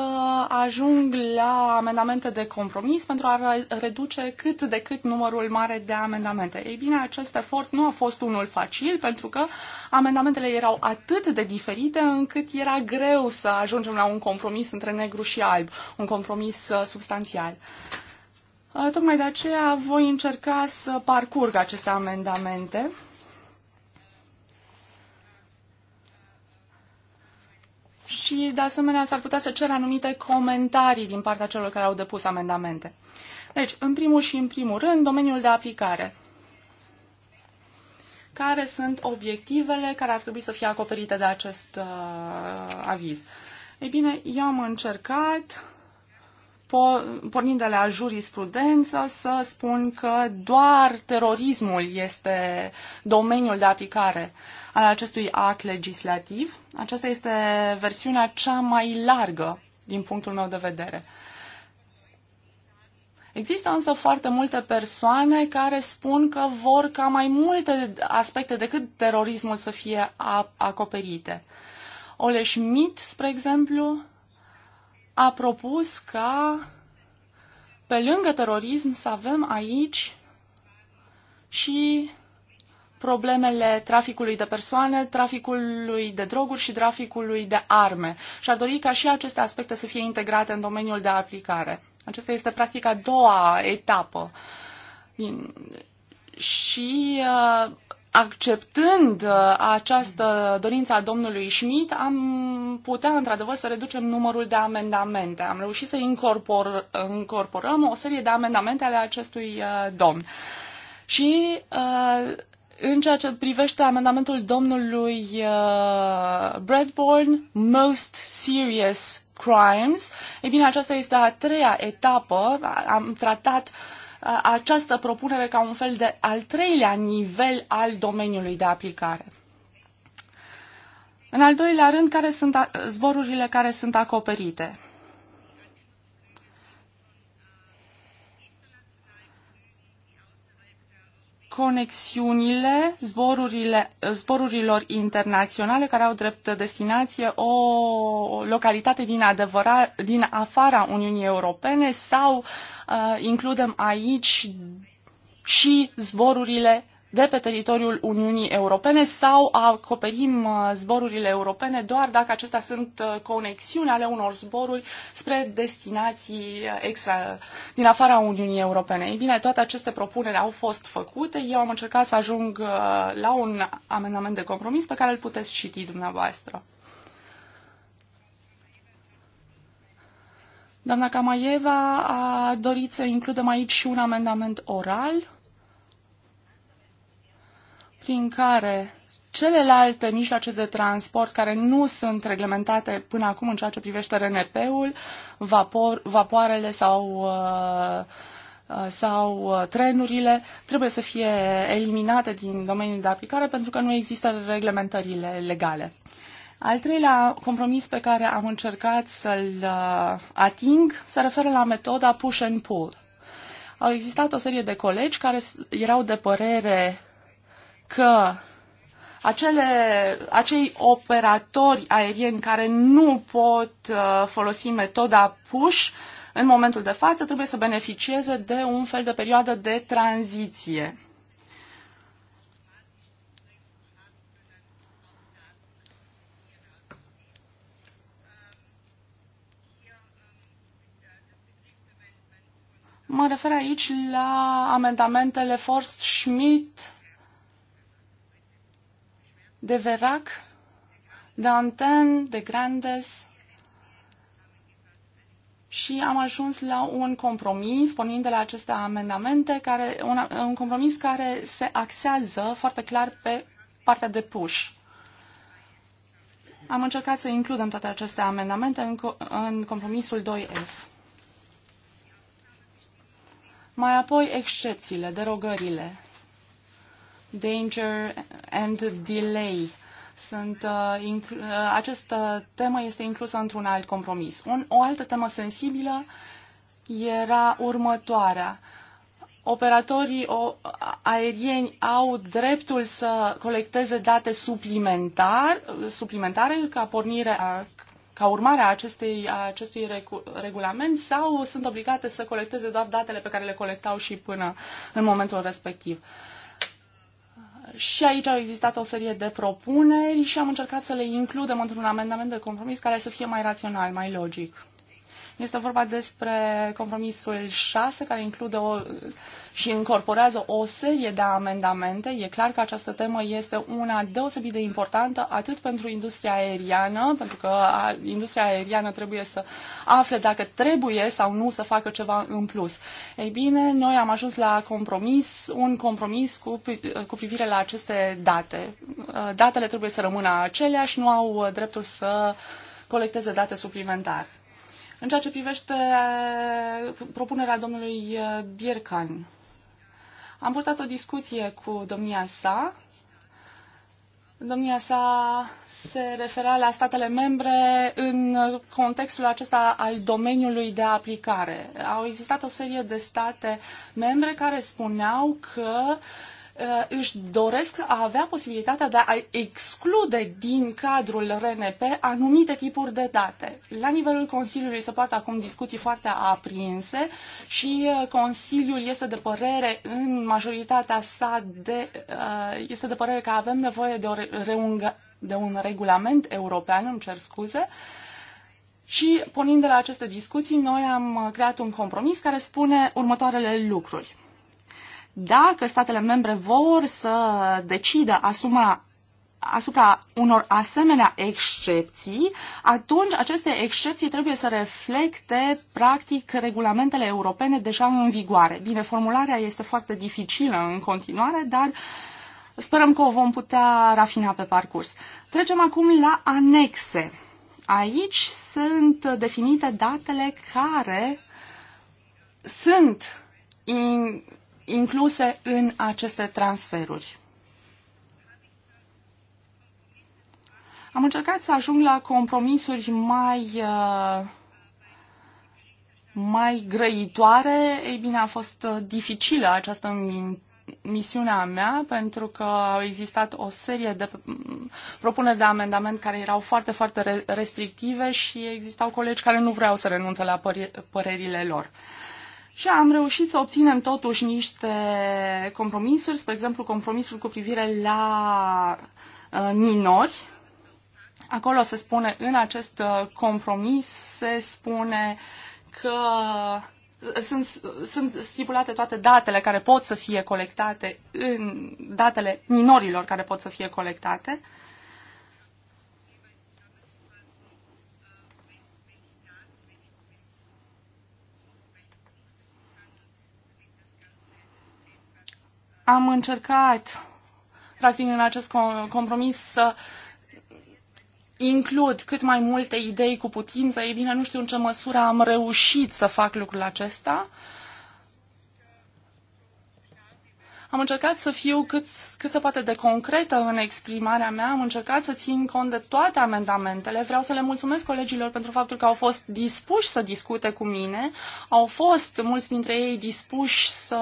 C: ajung la amendamente de compromis pentru a reduce cât de cât numărul mare de amendamente. Ei bine, acest efort nu a fost unul facil pentru că amendamentele erau atât de diferite încât era greu să ajungem la un compromis între negru și alb, un compromis uh, substanțial. Uh, tocmai de aceea voi încerca să parcurg aceste amendamente și, de asemenea, s-ar putea să cer anumite comentarii din partea celor care au depus amendamente. Deci, în primul și în primul rând, domeniul de aplicare. Care sunt obiectivele care ar trebui să fie acoperite de acest uh, aviz? Ei bine, eu am încercat, po- pornind de la jurisprudență, să spun că doar terorismul este domeniul de aplicare uh, al acestui act legislativ. Aceasta este versiunea cea mai largă din punctul meu de vedere. Există însă foarte multe persoane care spun că vor ca mai multe aspecte decât terorismul să fie acoperite. Ole Schmidt, spre exemplu, a propus ca pe lângă terorism să avem aici și problemele traficului de persoane, traficului de droguri și traficului de arme. Și a dori ca și aceste aspecte să fie integrate în domeniul de aplicare. Aceasta este practic a doua etapă. Și uh, acceptând uh, această dorință a domnului Schmidt, am putea într-adevăr să reducem numărul de amendamente. Am reușit să incorpor, incorporăm o serie de amendamente ale acestui uh, domn. Și uh, în ceea ce privește amendamentul domnului uh, Bradborn, Most Serious Crimes, e bine, aceasta este a treia etapă. Am tratat uh, această propunere ca un fel de al treilea nivel al domeniului de aplicare. În al doilea rând, care sunt zborurile care sunt acoperite? conexiunile zborurile, zborurilor internaționale care au drept destinație o localitate din, adevăra, din afara Uniunii Europene sau uh, includem aici și zborurile de pe teritoriul Uniunii Europene sau acoperim uh, zborurile europene doar dacă acestea sunt uh, conexiuni ale unor zboruri spre destinații uh, extra, din afara Uniunii Europene. Ei bine, toate aceste propuneri au fost făcute. Eu am încercat să ajung la un amendament de compromis pe care îl puteți citi dumneavoastră. Doamna Camaieva a dorit să includem aici și un amendament oral prin care celelalte mijloace de transport care nu sunt reglementate până acum în ceea ce privește RNP-ul, vapor, vapoarele sau, uh, uh, sau uh, trenurile, trebuie să fie eliminate din domeniul de aplicare pentru că nu există reglementările legale. Al treilea compromis pe care am încercat să-l ating se referă la metoda push and pull. Au existat o serie de colegi care erau de părere că acele, acei operatori aerieni care nu pot uh, folosi metoda push în momentul de față trebuie să beneficieze de un fel de perioadă de tranziție. Mă refer aici la amendamentele Forst-Schmidt de Verac, de Anten, de Grandes și am ajuns la un compromis, pornind de la aceste amendamente, care, un, un compromis care se axează foarte clar pe partea de push. Am încercat să includem toate aceste amendamente în, în compromisul 2F. Mai apoi excepțiile, derogările danger and delay. Sunt, uh, uh, această temă este inclusă într-un alt compromis. Un, o altă temă sensibilă era următoarea operatorii aerieni au dreptul să colecteze date suplimentar, suplimentare ca pornire a ca urmare a, acestei, a acestui regu, regulament sau sunt obligate să colecteze doar datele pe care le colectau și până în momentul respectiv. Uh, și aici au existat o serie de propuneri și am încercat să le includem într-un amendament de compromis care să fie mai rațional, mai logic. Este vorba despre compromisul 6, care include o, și încorporează o serie de amendamente. E clar că această temă este una deosebit de importantă atât pentru industria aeriană, pentru că industria aeriană trebuie să afle dacă trebuie sau nu să facă ceva în plus. Ei bine, noi am ajuns la compromis, un compromis cu, cu privire la aceste date. Datele trebuie să rămână aceleași, nu au dreptul să colecteze date suplimentare. În ceea ce privește eh, propunerea domnului eh, Biercan, am purtat o discuție cu domnia sa. Domnia sa se refera la statele membre în contextul acesta al domeniului de aplicare. Au existat o serie de state membre care spuneau că uh, Uh, își doresc a avea posibilitatea de a exclude din cadrul RNP anumite tipuri de date. La nivelul Consiliului se poartă acum discuții foarte aprinse și uh, Consiliul este de părere în majoritatea sa de, uh, este de părere că avem nevoie de, o reungă, de un regulament european, îmi cer scuze, și pornind de la aceste discuții, noi am creat un compromis care spune următoarele lucruri dacă statele membre vor să decidă asuma asupra unor asemenea excepții, atunci aceste excepții trebuie să reflecte, practic, regulamentele europene deja în vigoare. Bine, formularea este foarte dificilă în continuare, dar sperăm că o vom putea rafina pe parcurs. Trecem acum la anexe. Aici sunt definite datele care sunt incluse în aceste transferuri. Am încercat să ajung la compromisuri mai, uh, mai grăitoare. Ei bine, a fost uh, dificilă această misiunea mea, pentru că au existat o serie de mm, propuneri de amendament care erau foarte, foarte restrictive și existau colegi care nu vreau să renunțe la părerile lor. Și am reușit să obținem totuși niște compromisuri, spre exemplu compromisul cu privire la uh, minori. Acolo se spune, în acest uh, compromis se spune că uh, sunt, sunt stipulate toate datele care pot să fie colectate, în datele minorilor care pot să fie colectate. Uh, Am încercat, practic, în acest compromis să includ cât mai multe idei cu putință. Ei bine, nu știu în ce măsură am reușit să fac lucrul acesta. Uh, Am încercat să fiu cât, cât se poate de concretă în exprimarea mea, am încercat să țin cont de toate amendamentele. Vreau să le mulțumesc colegilor pentru faptul că au fost dispuși să discute cu mine, au fost mulți dintre ei dispuși să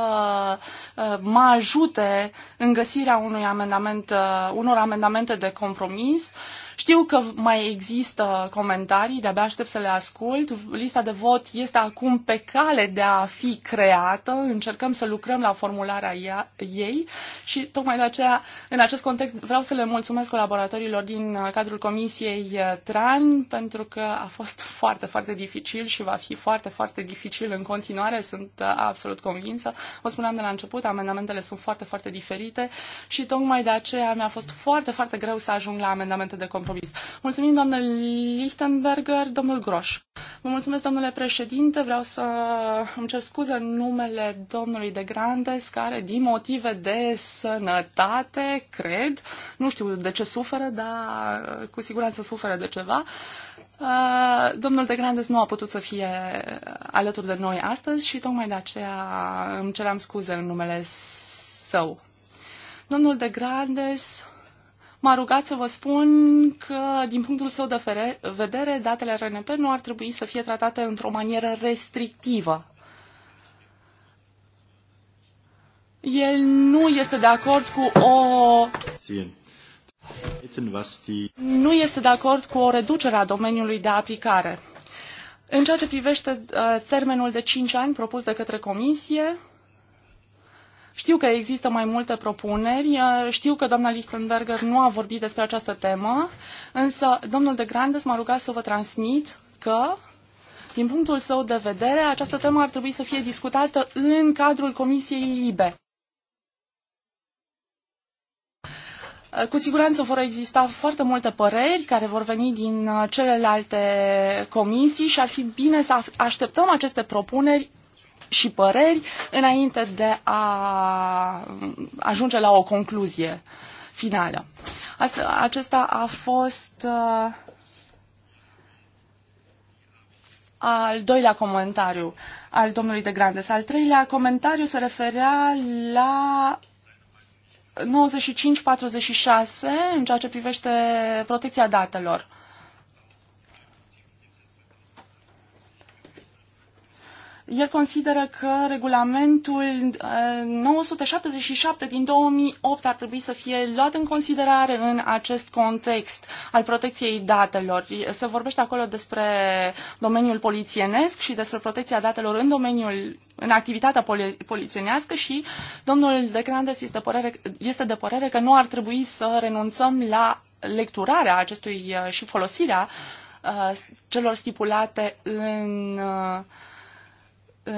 C: uh, mă ajute în găsirea unui amendament, uh, unor amendamente de compromis. Uh, știu că mai există comentarii, de-abia aștept să le ascult. Lista de vot este acum pe cale de a fi creată. Încercăm să lucrăm la formularea ei și tocmai de aceea, în acest context, vreau să le mulțumesc colaboratorilor din uh, cadrul Comisiei uh, TRAN pentru că a fost foarte, foarte dificil și va fi foarte, foarte dificil în continuare. Sunt uh, absolut convinsă. Vă spuneam de la început, amendamentele sunt foarte, foarte diferite și tocmai de aceea mi-a fost foarte, foarte greu să ajung la amendamente de compromis compromis. Mulțumim, doamnă Lichtenberger, domnul Groș. Vă mulțumesc, domnule președinte. Vreau să îmi cer scuze în numele domnului de Grandes, care din motive de sănătate, cred, nu știu de ce suferă, dar cu siguranță suferă de ceva, uh, Domnul de Grandes nu a putut să fie alături de noi astăzi și tocmai de aceea îmi ceream scuze în numele său. Domnul de Grandes m-a rugat să vă spun că, din punctul său de vedere, datele RNP nu ar trebui să fie tratate într-o manieră restrictivă. El nu este de acord cu o... Nu este de acord cu o reducere a domeniului de aplicare. În ceea ce privește uh, termenul de 5 ani propus de către Comisie, știu că există mai multe propuneri, eh, știu că doamna Lichtenberger nu a vorbit despre această temă, însă domnul de Grandes m-a rugat să vă transmit că din punctul său de vedere, această temă ar trebui să fie discutată în cadrul Comisiei LIBE. Eh, cu siguranță vor exista foarte multe păreri care vor veni din eh, celelalte comisii și ar fi bine să așteptăm aceste propuneri și păreri înainte de a ajunge la o concluzie finală. Asta, acesta a fost uh, al doilea comentariu al domnului de Grandes. Al treilea comentariu se referea la 95-46 în ceea ce privește protecția datelor. El consideră că regulamentul 977 uh, din 2008 ar trebui să fie luat în considerare în acest context al protecției datelor. Se vorbește acolo despre domeniul polițienesc și despre protecția datelor în domeniul în activitatea poli- polițienească și domnul de Crandes este, părere, este de părere că nu ar trebui să renunțăm la lecturarea acestui uh, și folosirea uh, celor stipulate în uh, Uh,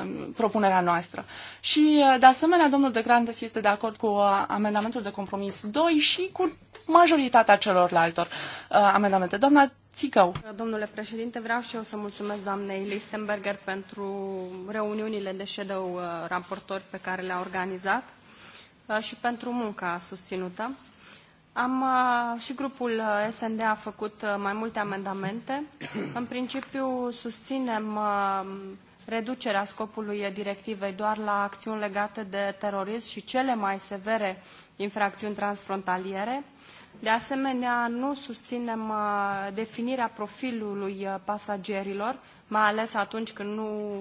C: în propunerea noastră. Și, uh, de asemenea, domnul de Grandes este de acord cu uh, amendamentul de compromis 2 și cu majoritatea celorlaltor amendamente. Doamna Țicău.
A: Domnule președinte, vreau și eu să mulțumesc doamnei Lichtenberger pentru reuniunile de shadow raportori pe care le-a organizat și pentru munca susținută. Am, uh, și grupul uh, SND a făcut uh, mai multe amendamente. [COUGHS] În principiu susținem reducerea scopului directivei doar la acțiuni legate de terorism și cele mai severe infracțiuni transfrontaliere. De asemenea, nu susținem definirea profilului pasagerilor, mai ales atunci când nu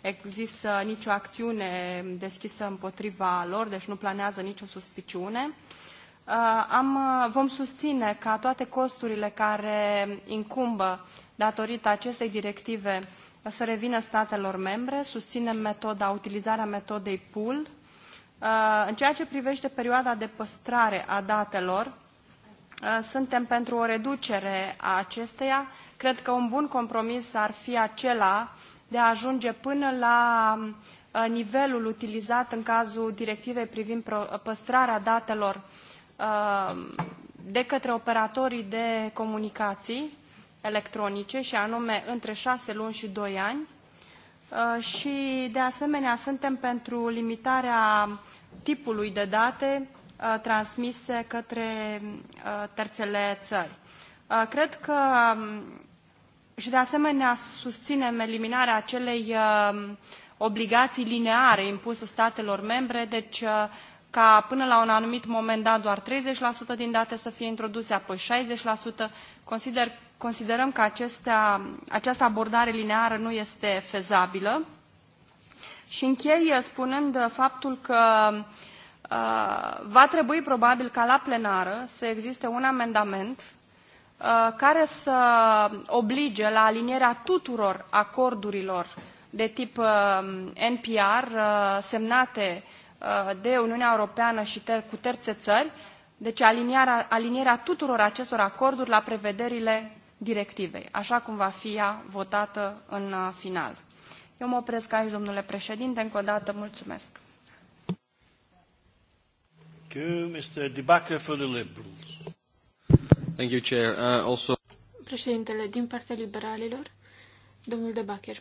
A: există nicio acțiune deschisă împotriva lor, deci nu planează nicio suspiciune. Uh, am, uh, vom susține ca toate costurile care incumbă datorită acestei directive să revină statelor membre, susținem metoda, utilizarea metodei pool. Uh, în ceea ce privește perioada de păstrare a datelor, suntem pentru o reducere a acesteia. Cred că un bun compromis ar fi acela de a ajunge până la nivelul utilizat în cazul directivei privind păstrarea datelor Uh, de către operatorii de comunicații electronice și anume între 6 luni și 2 ani uh, și de asemenea suntem pentru limitarea tipului de date uh, transmise către terțele țări. Cred că um, și de asemenea susținem eliminarea acelei um, obligații lineare impuse statelor membre, deci ca până la un anumit moment dat doar 30% din date să fie introduse, apoi 60%. Consider, considerăm că acestea, această abordare lineară nu este fezabilă. Și închei uh, spunând uh, faptul că uh, va trebui probabil ca la plenară să existe un amendament uh, care să oblige la alinierea tuturor acordurilor de tip uh, NPR uh, semnate uh, Uh, de Uniunea Europeană și ter cu terțe țări, deci alinierea, alinierea tuturor acestor acorduri la prevederile directivei, așa cum va fi ea votată în uh, final. Eu mă opresc aici, domnule președinte, încă o dată mulțumesc. Thank you, Chair. Uh, also...
D: Președintele, din partea liberalilor, domnul De Bacher.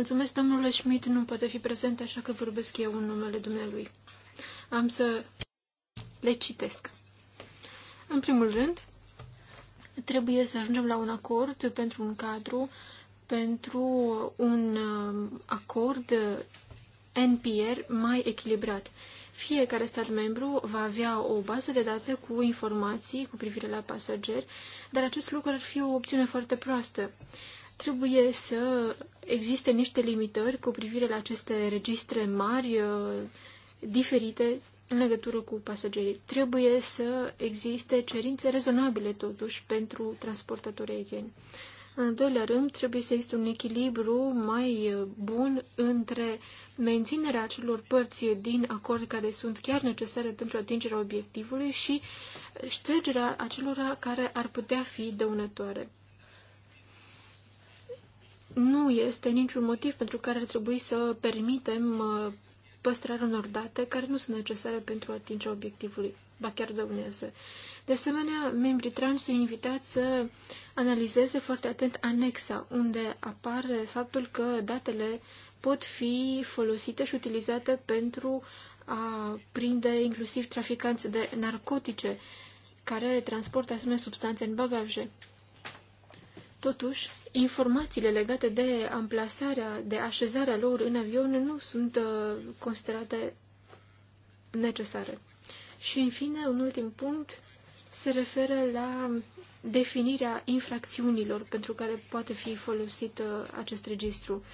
D: Mulțumesc, domnule Schmidt nu poate fi prezent, așa că vorbesc eu în numele dumnealui. Am să le citesc. În primul rând, trebuie să ajungem la un acord pentru un cadru, pentru un uh, acord NPR mai echilibrat. Fiecare stat membru va avea o bază de date cu informații cu privire la pasageri, dar acest lucru ar fi o opțiune foarte proastă Trebuie să existe niște limitări cu privire la aceste registre mari uh, diferite în legătură cu pasagerii. Trebuie să existe cerințe rezonabile, totuși, pentru transportatorii aerieni. În doilea rând, trebuie să existe un echilibru mai uh, bun între menținerea acelor părți din acord care sunt chiar necesare pentru atingerea obiectivului și ștergerea acelora care ar putea fi dăunătoare nu este niciun motiv pentru care ar trebui să permitem uh, păstrarea unor date care nu sunt necesare pentru atingerea obiectivului, ba chiar dăunează. De asemenea, membrii trans sunt invitați să analizeze foarte atent anexa, unde apare faptul că datele pot fi folosite și utilizate pentru a prinde inclusiv traficanți de narcotice care transportă asemenea substanțe în bagaje. Totuși, informațiile legate de amplasarea, de așezarea lor în avion nu sunt uh, considerate necesare. Și, în fine, un ultim punct se referă la definirea infracțiunilor pentru care poate fi folosit uh, acest registru.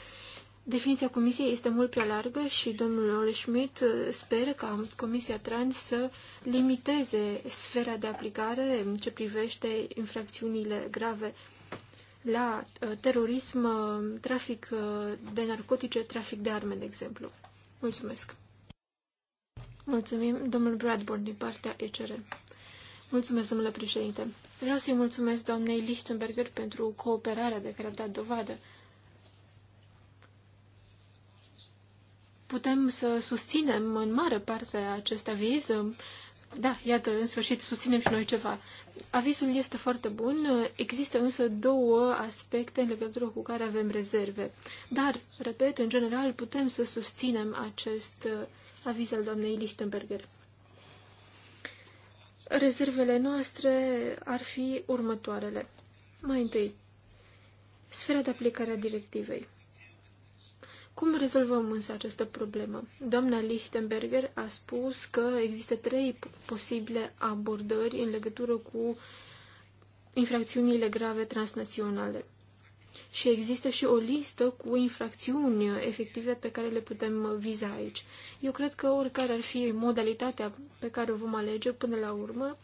D: Definiția comisiei este mult prea largă și domnul Ole Schmidt uh, speră ca Comisia Trans să limiteze sfera de aplicare în ce privește infracțiunile grave la uh, terorism, uh, trafic uh, de narcotice, trafic de arme, de exemplu. Mulțumesc! Mulțumim, domnul Bradburn, din partea ECR. Mulțumesc, domnule președinte. Vreau să-i mulțumesc doamnei Lichtenberger pentru cooperarea de care a dat dovadă. Putem să susținem în mare parte acest aviz da, iată, în sfârșit susținem și noi ceva. Avisul este foarte bun, există însă două aspecte în legătură cu care avem rezerve. Dar, repet, în general putem să susținem acest uh, aviz al doamnei Lichtenberger. Rezervele noastre ar fi următoarele. Mai întâi, sfera de aplicare a directivei. Cum rezolvăm însă această problemă? Doamna Lichtenberger a spus că există trei posibile abordări în legătură cu infracțiunile grave transnaționale. Și există și o listă cu infracțiuni efective pe care le putem viza aici. Eu cred că oricare ar fi modalitatea pe care o vom alege până la urmă,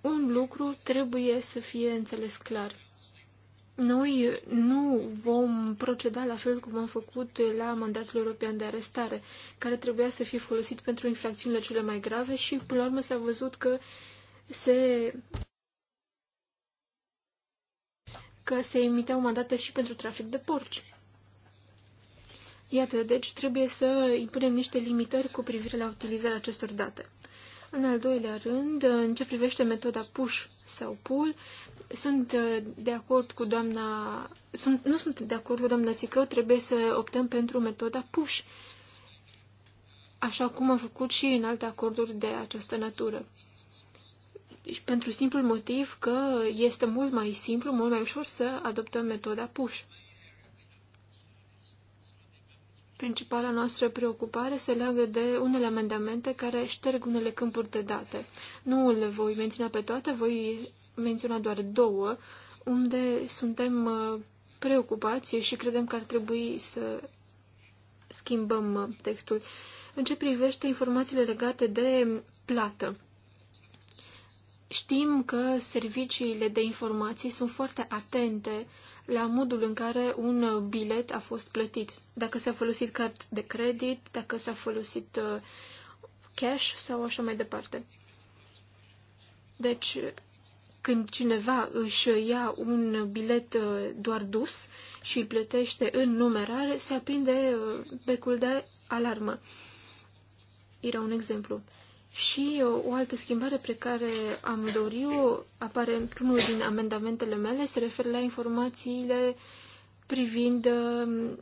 D: un lucru trebuie să fie înțeles clar noi nu vom proceda la fel cum am făcut la mandatul european de arestare, care trebuia să fie folosit pentru infracțiunile cele mai grave și până la urmă s-a văzut că se că se emiteau mandate și pentru trafic de porci. Iată, deci trebuie să impunem niște limitări cu privire la utilizarea acestor date. În al doilea rând, în ce privește metoda push sau Pul. Sunt uh, de acord cu doamna... Sunt, nu sunt de acord cu doamna Țicău, trebuie să optăm pentru metoda PUSH, așa cum am făcut și în alte acorduri de această natură. Deci, pentru simplul motiv că este mult mai simplu, mult mai ușor să adoptăm metoda PUSH. Principala noastră preocupare se leagă de unele amendamente care șterg unele câmpuri de date. Nu le voi menționa pe toate, voi menționa doar două, unde suntem uh, preocupați și credem că ar trebui să schimbăm uh, textul. În ce privește informațiile legate de plată, știm că serviciile de informații sunt foarte atente la modul în care un bilet a fost plătit. Dacă s-a folosit card de credit, dacă s-a folosit uh, cash sau așa mai departe. Deci, când cineva își ia un bilet uh, doar dus și îl plătește în numerare, se aprinde uh, becul de alarmă. Era un exemplu. Și o altă schimbare pe care am dorit-o apare într-unul din amendamentele mele, se referă la informațiile privind um,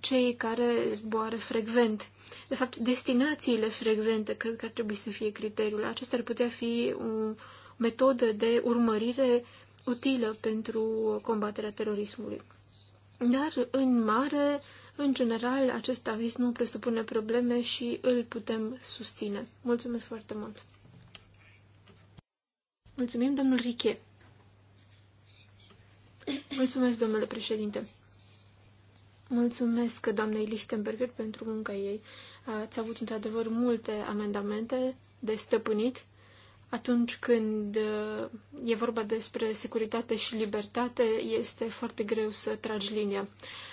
D: cei care zboară frecvent. De fapt, destinațiile frecvente cred că ar trebui să fie criteriul. Acesta ar putea fi o metodă de urmărire utilă pentru combaterea terorismului. Dar, în mare, în general, acest aviz nu presupune probleme și îl putem susține. Mulțumesc foarte mult! Mulțumim, domnul Riche. Mulțumesc, domnule președinte. Mulțumesc, doamnei Lichtenberger, pentru munca ei. Ați avut, într-adevăr, multe amendamente de stăpânit atunci când uh, e vorba despre securitate și libertate, este foarte greu să tragi linia.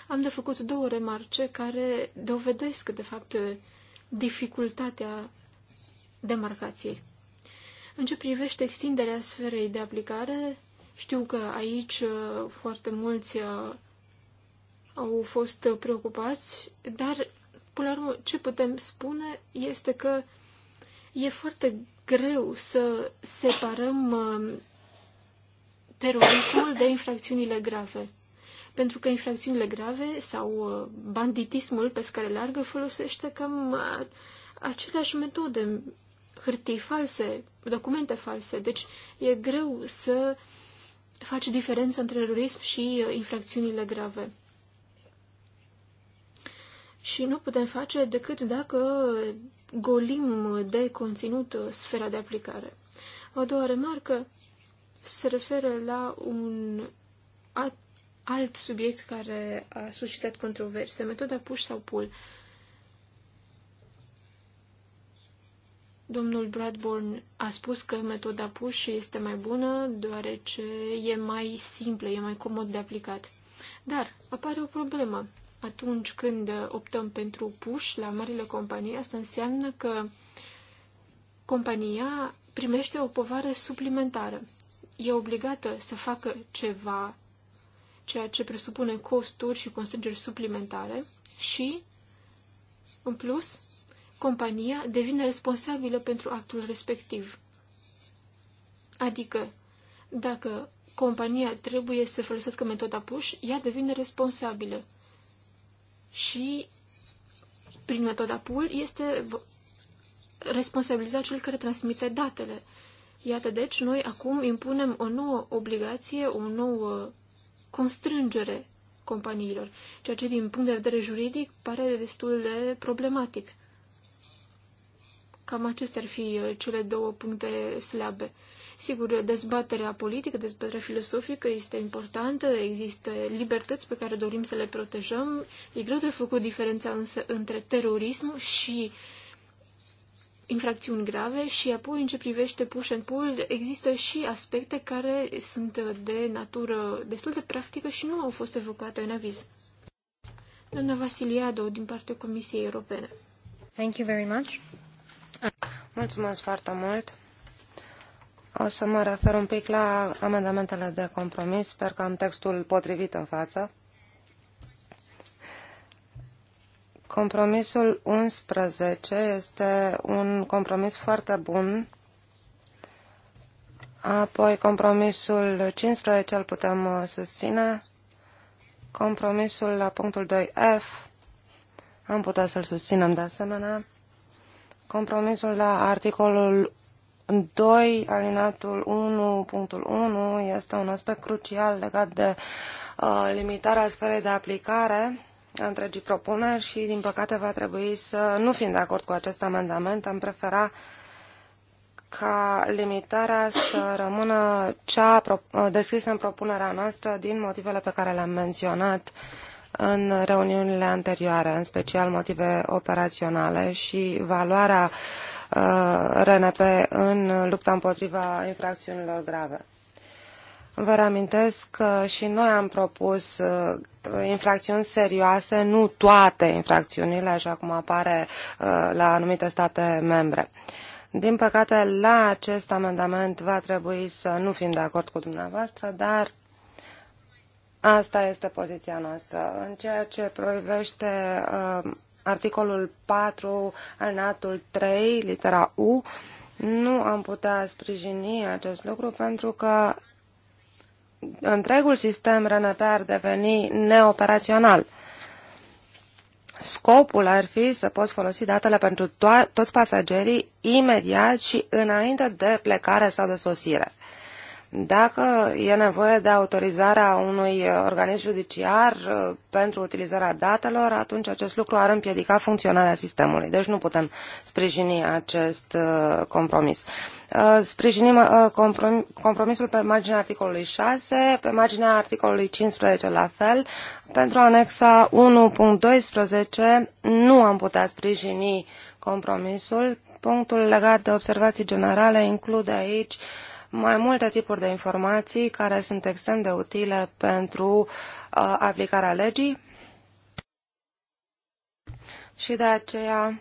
D: Am de făcut două remarce care dovedesc, de fapt, dificultatea demarcației. În ce privește extinderea sferei de aplicare, știu că aici uh, foarte mulți uh, au fost preocupați, dar, până la urmă, ce putem spune este că e foarte greu să separăm uh, terorismul de infracțiunile grave. Pentru că infracțiunile grave sau uh, banditismul pe scară largă folosește cam uh, aceleași metode, hârtii false, documente false. Deci e greu să faci diferența între terorism și infracțiunile grave. Și nu putem face decât dacă golim de conținut uh, sfera de aplicare. O a doua remarcă se referă la un alt subiect care a suscitat controverse, metoda push sau pull. Domnul Bradburn a spus că metoda push este mai bună deoarece e mai simplă, e mai comod de aplicat. Dar apare o problemă atunci când optăm pentru push la marile companii, asta înseamnă că compania primește o povară suplimentară. E obligată să facă ceva, ceea ce presupune costuri și constrângeri suplimentare și, în plus, compania devine responsabilă pentru actul respectiv. Adică, dacă compania trebuie să folosească metoda push, ea devine responsabilă și prin metoda pool este responsabilizat cel care transmite datele. Iată, deci, noi acum impunem o nouă obligație, o nouă constrângere companiilor, ceea ce din punct de vedere juridic pare destul de problematic. Cam acestea ar fi uh, cele două puncte slabe. Sigur, dezbaterea politică, dezbaterea filosofică este importantă, există libertăți pe care dorim să le protejăm. E greu de făcut diferența însă între terorism și infracțiuni grave și apoi în ce privește push and pull există și aspecte care sunt de natură destul de practică și nu au fost evocate în aviz. Doamna Vasiliado, din partea Comisiei Europene.
B: Thank you very much. Mulțumesc foarte mult. O să mă refer un pic la amendamentele de compromis. Sper că am textul potrivit în față. Compromisul 11 este un compromis foarte bun. Apoi compromisul 15 îl putem uh, susține. Compromisul la punctul 2F am putea să-l susținem de asemenea. Compromisul la articolul 2, alinatul 1.1, este un aspect crucial legat de uh, limitarea sferei de aplicare a întregii propuneri și, din păcate, va trebui să nu fim de acord cu acest amendament. Am prefera ca limitarea să rămână cea uh, descrisă în propunerea noastră din motivele pe care le-am menționat uh, în reuniunile anterioare, în special motive operaționale și valoarea uh, RNP în lupta împotriva infracțiunilor grave. Vă reamintesc că și noi am propus uh, infracțiuni serioase, nu toate infracțiunile, așa cum apare uh, la anumite state membre. Din păcate, la acest amendament va trebui să nu fim de acord cu dumneavoastră, dar Asta este poziția noastră. În ceea ce privește uh, articolul 4, alinatul 3, litera U, nu am putea sprijini acest lucru pentru că întregul sistem RNP ar deveni neoperațional. Scopul ar fi să poți folosi datele pentru to- toți pasagerii imediat și înainte de plecare sau de sosire. Uh, dacă e nevoie de autorizarea unui uh, organism judiciar uh, pentru utilizarea datelor, atunci acest lucru ar împiedica funcționarea sistemului. Deci nu putem sprijini acest uh, compromis. Sprijinim compromisul pe marginea articolului 6, pe marginea articolului 15 la fel. Pentru anexa 1.12 nu am putea sprijini compromisul. Punctul legat de observații generale include aici uh, mai multe tipuri de informații care sunt extrem de utile pentru uh, aplicarea legii și de aceea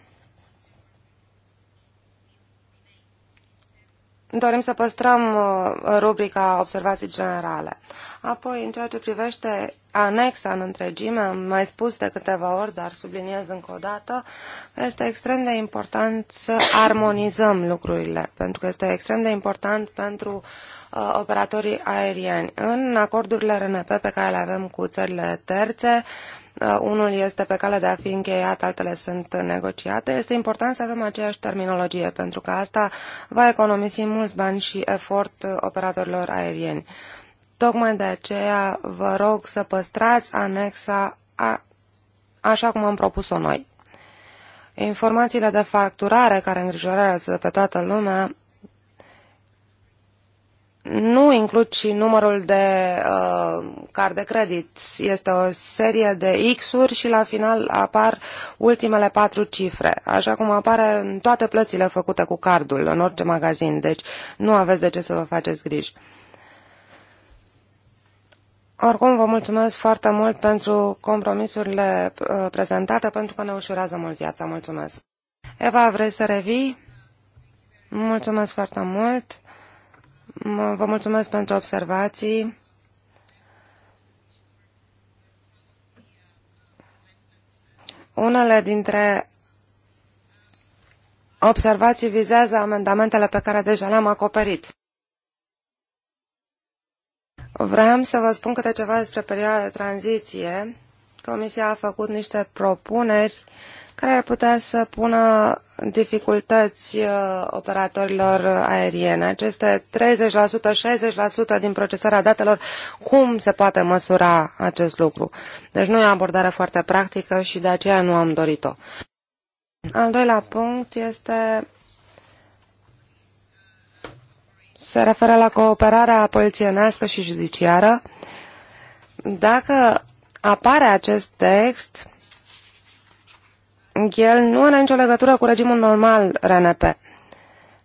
B: dorim să păstrăm uh, rubrica observații generale. Apoi, în ceea ce privește anexa în întregime, am mai spus de câteva ori, dar subliniez încă o dată, este extrem de important să armonizăm lucrurile, pentru că este extrem de important pentru uh, operatorii aerieni. În acordurile RNP pe care le avem cu țările terțe, uh, Uh, unul este pe cale de a fi încheiat, altele sunt negociate. Este important să avem aceeași terminologie, pentru că asta va economisi mulți bani și efort uh, operatorilor aerieni. Tocmai de aceea vă rog să păstrați anexa a, așa cum am propus-o noi. Informațiile de facturare care îngrijorează pe toată lumea nu includ și numărul de uh, card de credit. Este o serie de X-uri și la final apar ultimele patru cifre, așa cum apare în toate plățile făcute cu cardul, în orice magazin. Deci nu aveți de ce să vă faceți griji. Oricum, vă mulțumesc foarte mult pentru compromisurile uh, prezentate, pentru că ne ușurează mult viața. Mulțumesc. Eva, vrei să revii? Mulțumesc foarte mult. Vă mulțumesc pentru observații. Unele dintre observații vizează amendamentele pe care deja le-am acoperit. Vreau să vă spun câte ceva despre perioada de tranziție. Comisia a făcut niște propuneri care ar putea să pună dificultăți uh, operatorilor aeriene. Aceste 30%, 60% din procesarea datelor, cum se poate măsura acest lucru? Deci nu e o abordare foarte practică și de aceea nu am dorit-o. Al doilea punct este se referă la cooperarea polițienească și judiciară. Dacă apare acest text, el nu are nicio legătură cu regimul normal RNP.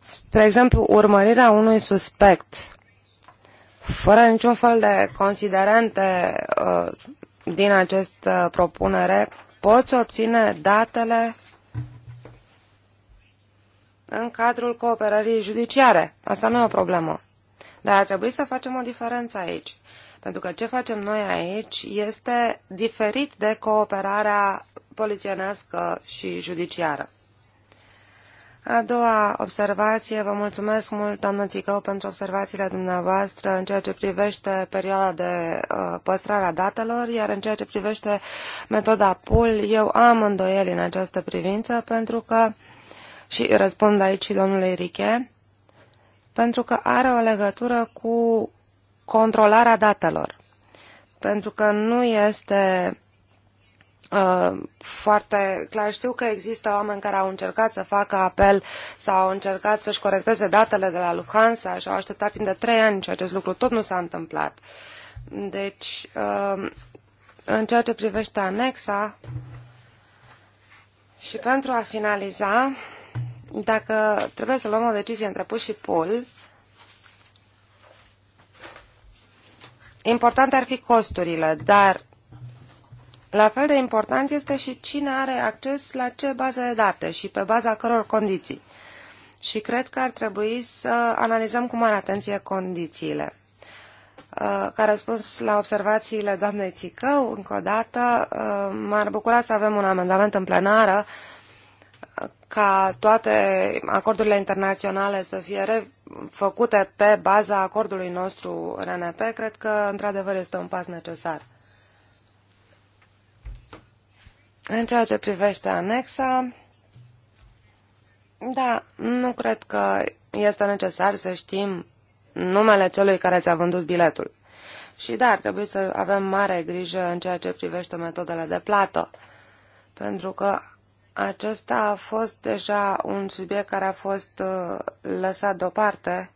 B: Spre exemplu, urmărirea unui suspect fără niciun fel de considerente uh, din această uh, propunere, poți obține datele în cadrul cooperării judiciare. Asta nu e o problemă. Dar ar trebui să facem o diferență aici. Pentru că ce facem noi aici este diferit de cooperarea polițienească și judiciară. A doua observație, vă mulțumesc mult, doamnă Țicău, pentru observațiile dumneavoastră în ceea ce privește perioada de uh, păstrare a datelor, iar în ceea ce privește metoda PUL, eu am îndoieli în această privință, pentru că, și răspund aici și domnului Riche, pentru că are o legătură cu controlarea datelor. Pentru că nu este Uh, foarte clar. Știu că există oameni care au încercat să facă apel sau au încercat să-și corecteze datele de la Lufthansa și au așteptat timp de trei ani și acest lucru tot nu s-a întâmplat. Deci, uh, în ceea ce privește anexa și pentru a finaliza, dacă trebuie să luăm o decizie între pus și pull, important ar fi costurile, dar la fel de important este și cine are acces la ce baze de date și pe baza căror condiții. Și cred că ar trebui să analizăm cu mare atenție condițiile. Uh, ca răspuns la observațiile doamnei Țicău, încă o dată, uh, m-ar bucura să avem un amendament în plenară uh, ca toate acordurile internaționale să fie făcute pe baza acordului nostru RNP, cred că într-adevăr este un pas necesar. În ceea ce privește anexa, da, nu cred că este necesar să știm numele celui care ți-a vândut biletul. Și da, ar trebui să avem mare grijă în ceea ce privește metodele de plată, pentru că acesta a fost deja un subiect care a fost uh, lăsat deoparte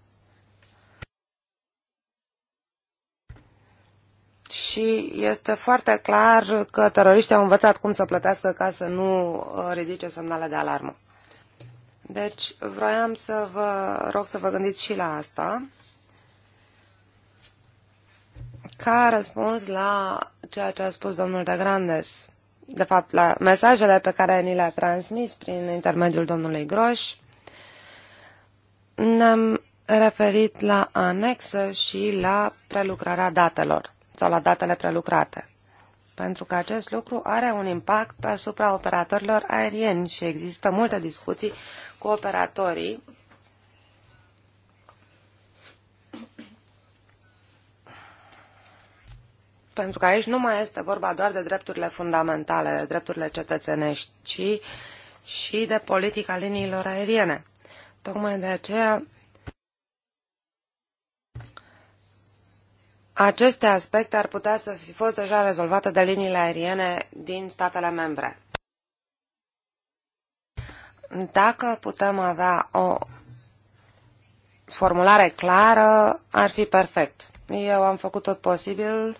B: și este foarte clar că teroriștii au învățat cum să plătească ca să nu uh, ridice semnale de alarmă. Deci vroiam să vă rog să vă gândiți și la asta ca răspuns la ceea ce a spus domnul de Grandes, de fapt la mesajele pe care ni le-a transmis prin intermediul domnului Groș, ne-am referit la anexă și la prelucrarea datelor sau la datele prelucrate. Pentru că acest lucru are un impact asupra operatorilor aerieni și există multe discuții cu operatorii pentru că aici nu mai este vorba doar de drepturile fundamentale, de drepturile cetățenești, ci și de politica liniilor aeriene. Tocmai de aceea aceste aspecte ar putea să fi fost deja rezolvate de liniile aeriene din statele membre. Dacă putem avea o formulare clară, ar fi perfect. Eu am făcut tot posibil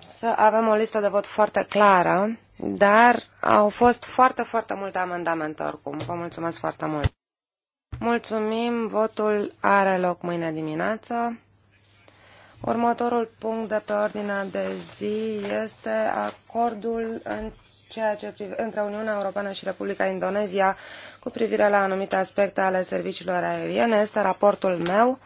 B: să avem o listă de vot foarte clară, dar au fost foarte, foarte multe amendamente oricum. Vă mulțumesc foarte mult! Mulțumim, votul are loc mâine dimineață. Următorul punct de pe ordinea de zi este acordul în ceea ce prive, între Uniunea Europeană și Republica Indonezia cu privire la anumite aspecte ale serviciilor aeriene. Este raportul meu.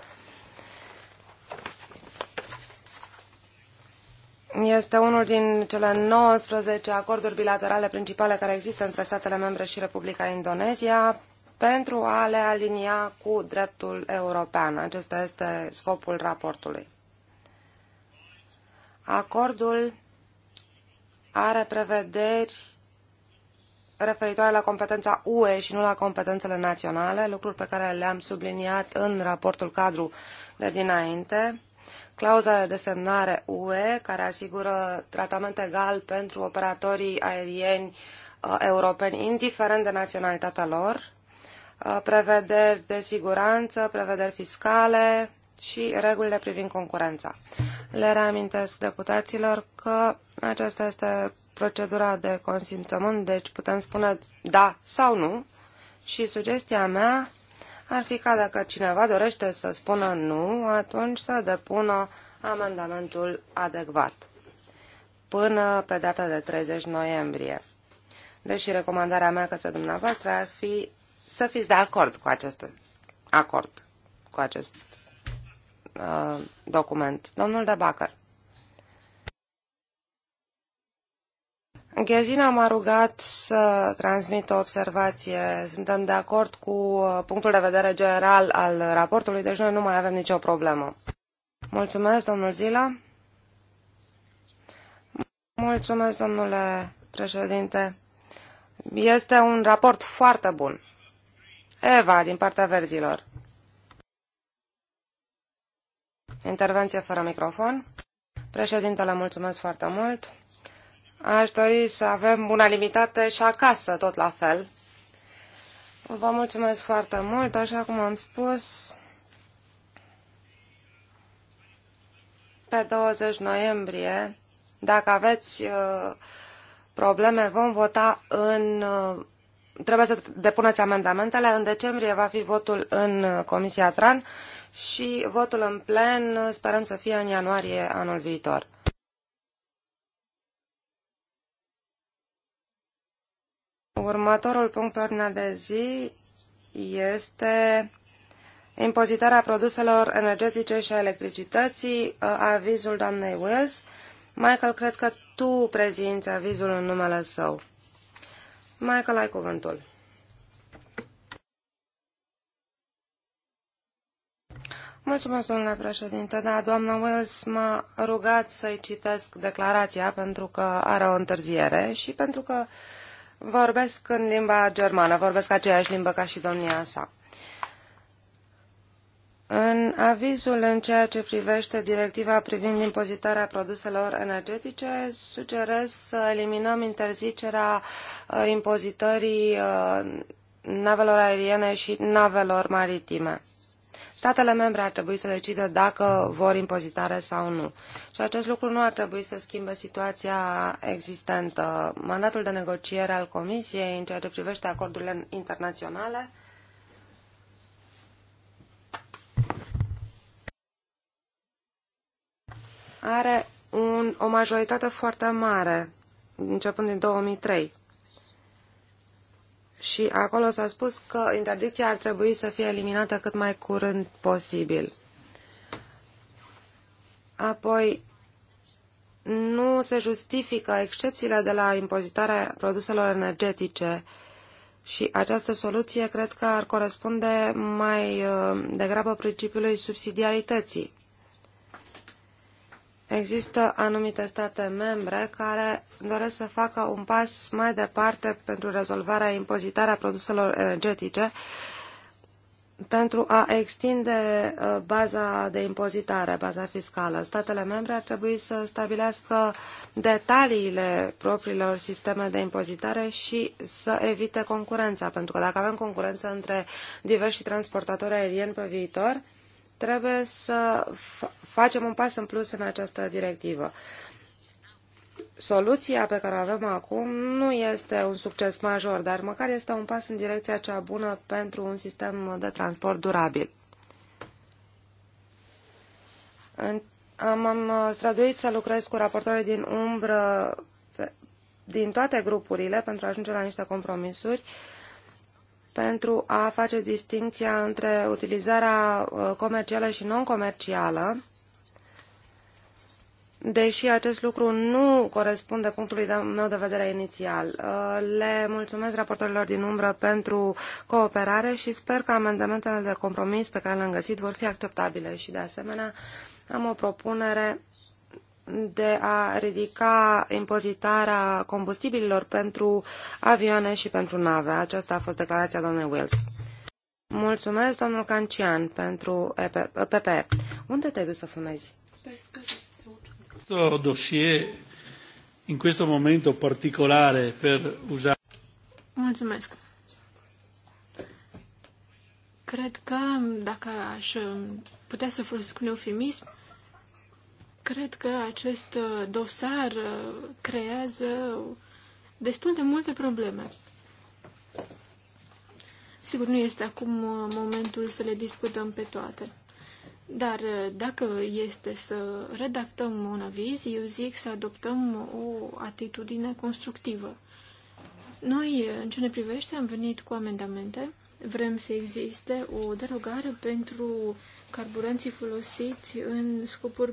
B: Este unul din cele 19 acorduri bilaterale principale care există între statele membre și Republica Indonezia pentru a le alinia cu dreptul european. Acesta este scopul raportului. Acordul are prevederi referitoare la competența UE și nu la competențele naționale, lucruri pe care le-am subliniat în raportul cadru de dinainte. Clauza de semnare UE, care asigură tratament egal pentru operatorii aerieni uh, europeni, indiferent de naționalitatea lor, uh, prevederi de siguranță, prevederi fiscale, și regulile privind concurența. Le reamintesc deputaților că aceasta este procedura de consimțământ, deci putem spune da sau nu și sugestia mea ar fi ca dacă cineva dorește să spună nu, atunci să depună amendamentul adecvat până pe data de 30 noiembrie. Deși recomandarea mea către dumneavoastră ar fi să fiți de acord cu acest acord, cu acest Uh, document. Domnul de Bacăr. Ghezina m-a rugat să transmit o observație. Suntem de acord cu uh, punctul de vedere general al raportului, deci noi nu mai avem nicio problemă. Mulțumesc, domnul Zila. Mulțumesc, domnule președinte. Este un raport foarte bun. Eva, din partea verzilor. Intervenție fără microfon. Președintele, mulțumesc foarte mult. Aș dori să avem limitată și acasă, tot la fel. Vă mulțumesc foarte mult, așa cum am spus. Pe 20 noiembrie, dacă aveți uh, probleme, vom vota în... Uh, trebuie să depuneți amendamentele. În decembrie va fi votul în uh, Comisia TRAN și votul în plen sperăm să fie în ianuarie anul viitor. Următorul punct pe ordinea de zi este impozitarea produselor energetice și a electricității, uh, avizul doamnei Wells. Michael, cred că tu prezinți avizul în numele său. Michael, ai cuvântul. Mulțumesc, domnule președinte. Da, doamna Wells m-a rugat să-i citesc declarația pentru că are o întârziere și pentru că vorbesc în limba germană, vorbesc aceeași limbă ca și domnia sa. În avizul în ceea ce privește directiva privind impozitarea produselor energetice, sugerez să eliminăm interzicerea uh, impozitării uh, navelor aeriene și navelor maritime. Statele membre ar trebui să decidă dacă vor impozitare sau nu. Și acest lucru nu ar trebui să schimbe situația existentă. Mandatul de negociere al Comisiei în ceea ce privește acordurile internaționale are un, o majoritate foarte mare, începând din 2003 și acolo s-a spus că interdicția ar trebui să fie eliminată cât mai curând posibil. Apoi, nu se justifică excepțiile de la impozitarea produselor energetice și această soluție cred că ar corespunde mai uh, degrabă principiului subsidiarității. Există anumite state membre care doresc să facă un pas mai departe pentru rezolvarea impozitarea produselor energetice pentru a extinde uh, baza de impozitare, baza fiscală. Statele membre ar trebui să stabilească detaliile propriilor sisteme de impozitare și să evite concurența, pentru că dacă avem concurență între diversi transportatori aerieni pe viitor, trebuie să facem un pas în plus în această directivă. Soluția pe care o avem acum nu este un succes major, dar măcar este un pas în direcția cea bună pentru un sistem de transport durabil. M-am străduit să lucrez cu raportorii din umbră din toate grupurile pentru a ajunge la niște compromisuri pentru a face distinția între utilizarea uh, comercială și non-comercială, deși acest lucru nu corespunde punctului meu de vedere inițial. Uh, le mulțumesc raportorilor din umbră pentru cooperare și sper că amendamentele de compromis pe care le-am găsit vor fi acceptabile și, de asemenea, am o propunere de a ridica impozitarea combustibililor pentru avioane și pentru nave. Aceasta a fost declarația doamnei Wills. Mulțumesc, domnul Cancian, pentru PP. Unde te-ai dus să fumezi?
C: Un
A: dosier în acest moment particular pentru usare
D: Mulțumesc. Cred că dacă aș putea să folosesc un eufemism, Cred că acest uh, dosar uh, creează destul de multe probleme. Sigur, nu este acum uh, momentul să le discutăm pe toate. Dar dacă este să redactăm un aviz, eu zic să adoptăm o atitudine constructivă. Noi, în ce ne privește, am venit cu amendamente. Vrem să existe o derogare pentru carburanții folosiți în scopuri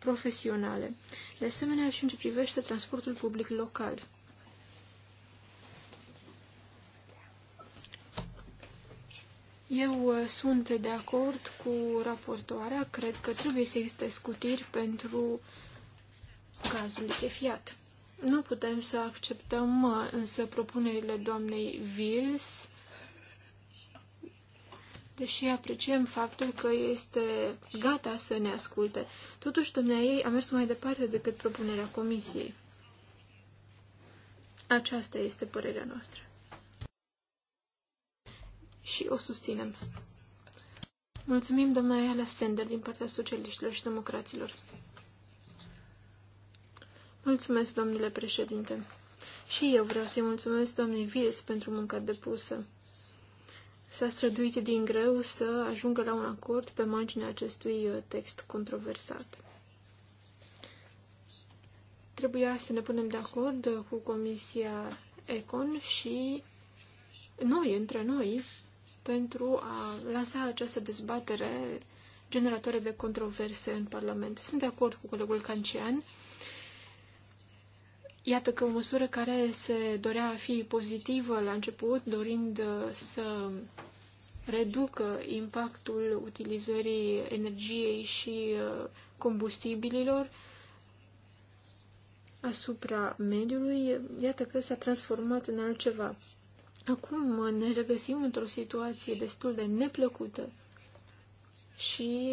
D: profesionale. De asemenea, și în ce privește transportul public local. Eu uh, sunt de acord cu raportoarea. Cred că trebuie să existe scutiri pentru gazul lichefiat. Nu putem să acceptăm uh, însă propunerile doamnei Vils deși apreciem faptul că este gata să ne asculte. Totuși, ei a mers mai departe decât propunerea comisiei. Aceasta este părerea noastră. Și o susținem. Mulțumim, doamna Ayala Sender, din partea socialiștilor și democraților. Mulțumesc, domnule președinte. Și eu vreau să-i mulțumesc doamnei Vils pentru munca depusă s-a străduit din greu să ajungă la un acord pe marginea acestui uh, text controversat. Trebuia să ne punem de acord uh, cu Comisia Econ și noi, între noi, pentru a lansa această dezbatere generatoare de controverse în Parlament. Sunt de acord cu colegul Cancian Iată că o măsură care se dorea a fi pozitivă la început, dorind uh, să reducă impactul utilizării energiei și uh, combustibililor asupra mediului, iată că s-a transformat în altceva. Acum uh, ne regăsim într-o situație destul de neplăcută și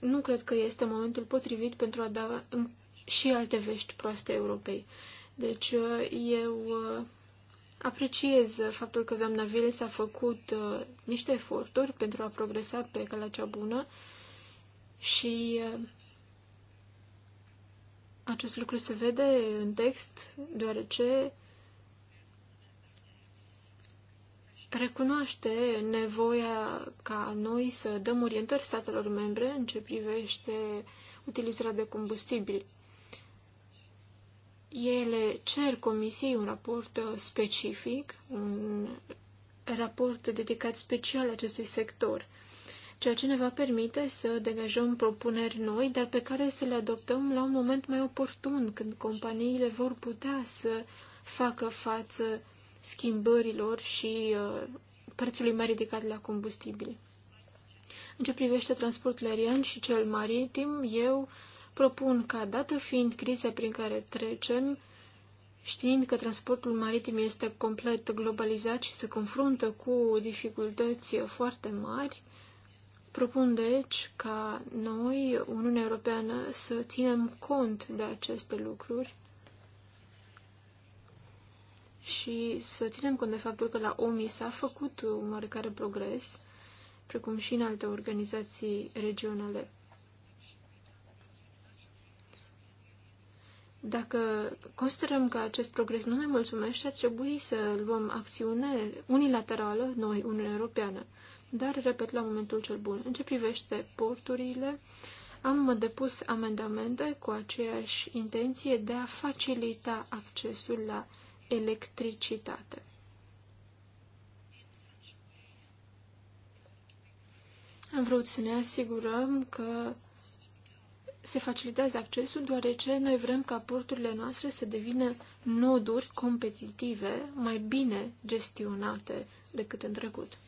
D: nu cred că este momentul potrivit pentru a da și alte vești proaste europei. Deci uh, eu uh, apreciez faptul că doamna Viles a făcut uh, niște eforturi pentru a progresa pe calea cea bună și acest lucru se vede în text, deoarece recunoaște nevoia ca noi să dăm orientări statelor membre în ce privește utilizarea de combustibili ele cer comisiei un raport uh, specific, un raport dedicat special acestui sector, ceea ce ne va permite să degajăm propuneri noi, dar pe care să le adoptăm la un moment mai oportun, când companiile vor putea să facă față schimbărilor și uh, prețului mai ridicat la combustibili. În ce privește transportul aerian și cel maritim, eu propun ca, dată fiind criza prin care trecem, știind că transportul maritim este complet globalizat și se confruntă cu dificultăți foarte mari, propun deci ca noi, Uniunea Europeană, să ținem cont de aceste lucruri și să ținem cont de faptul că la OMI s-a făcut un oarecare progres, precum și în alte organizații regionale. Dacă considerăm că acest progres nu ne mulțumește, ar trebui să luăm acțiune unilaterală, noi, Uniunea Europeană. Dar, repet, la momentul cel bun. În ce privește porturile, am depus amendamente cu aceeași intenție de a facilita accesul la electricitate. Am vrut să ne asigurăm că se facilitează accesul deoarece noi vrem ca porturile noastre să devină noduri competitive mai bine gestionate decât în trecut.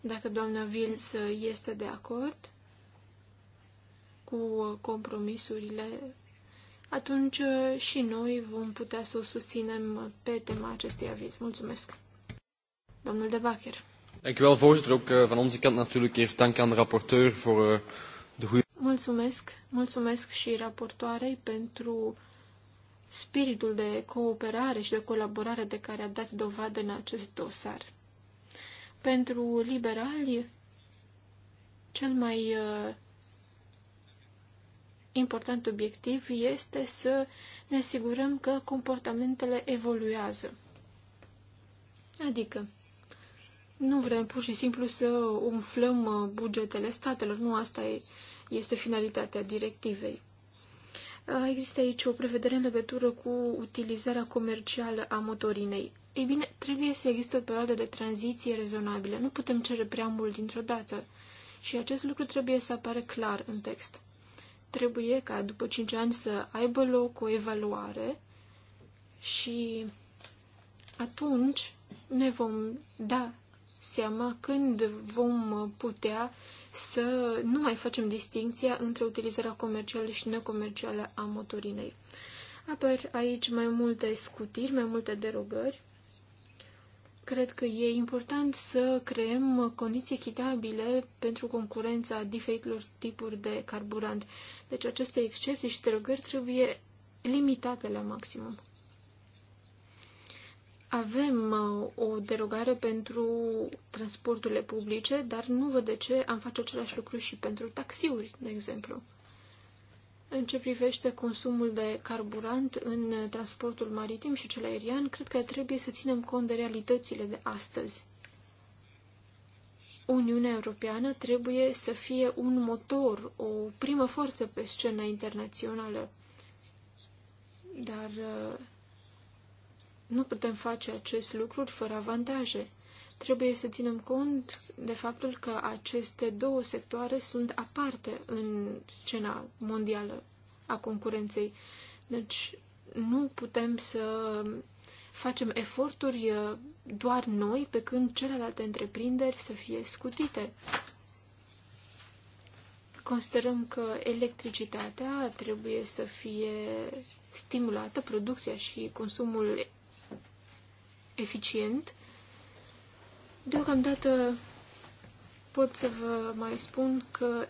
D: Dacă doamna Vils este de acord cu compromisurile, atunci și noi vom putea să o susținem pe tema acestui aviz. Mulțumesc. Domnul De Bacher.
A: Dank u wel, voorzitter. Ook eh, van onze kant natuurlijk eerst dank aan de rapporteur voor eh, de goede...
D: Mulțumesc, mulțumesc și raportoarei pentru spiritul de cooperare și de colaborare de care a dat dovadă în acest dosar. Pentru liberali, cel mai uh, important obiectiv este să ne asigurăm că comportamentele evoluează. Adică, nu vrem pur și simplu să umflăm uh, bugetele statelor, nu asta e este finalitatea directivei. Ah, există aici o prevedere în legătură cu utilizarea comercială a motorinei. Ei bine, trebuie să existe o perioadă de tranziție rezonabilă. Nu putem cere prea mult dintr-o dată. Și acest lucru trebuie să apare clar în text. Trebuie ca după 5 ani să aibă loc o evaluare și atunci ne vom da seama când vom putea să nu mai facem distinția între utilizarea comercială și necomercială a motorinei. Apar aici mai multe scutiri, mai multe derogări. Cred că e important să creăm condiții echitabile pentru concurența diferitelor tipuri de carburant. Deci aceste excepții și derogări trebuie limitate la maximum. Avem uh, o derogare pentru transporturile publice, dar nu văd de ce am face același lucru și pentru taxiuri, de exemplu. În ce privește consumul de carburant în transportul maritim și cel aerian, cred că trebuie să ținem cont de realitățile de astăzi. Uniunea Europeană trebuie să fie un motor, o primă forță pe scena internațională. Dar uh, nu putem face acest lucru fără avantaje. Trebuie să ținem cont de faptul că aceste două sectoare sunt aparte în scena mondială a concurenței. Deci nu putem să facem eforturi uh, doar noi, pe când celelalte întreprinderi să fie scutite. Considerăm că electricitatea trebuie să fie stimulată, producția și consumul eficient. Deocamdată pot să vă mai spun că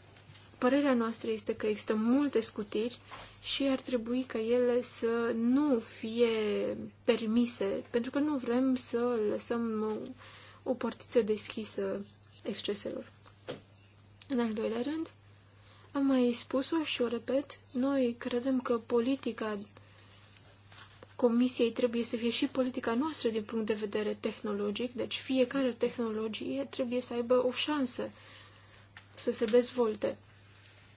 D: părerea noastră este că există multe scutiri și ar trebui ca ele să nu fie permise, pentru că nu vrem să lăsăm o portiță deschisă exceselor. În al doilea rând, am mai spus-o și o repet, noi credem că politica Comisiei trebuie să fie și politica noastră din punct de vedere tehnologic, deci fiecare tehnologie trebuie să aibă o șansă să se dezvolte.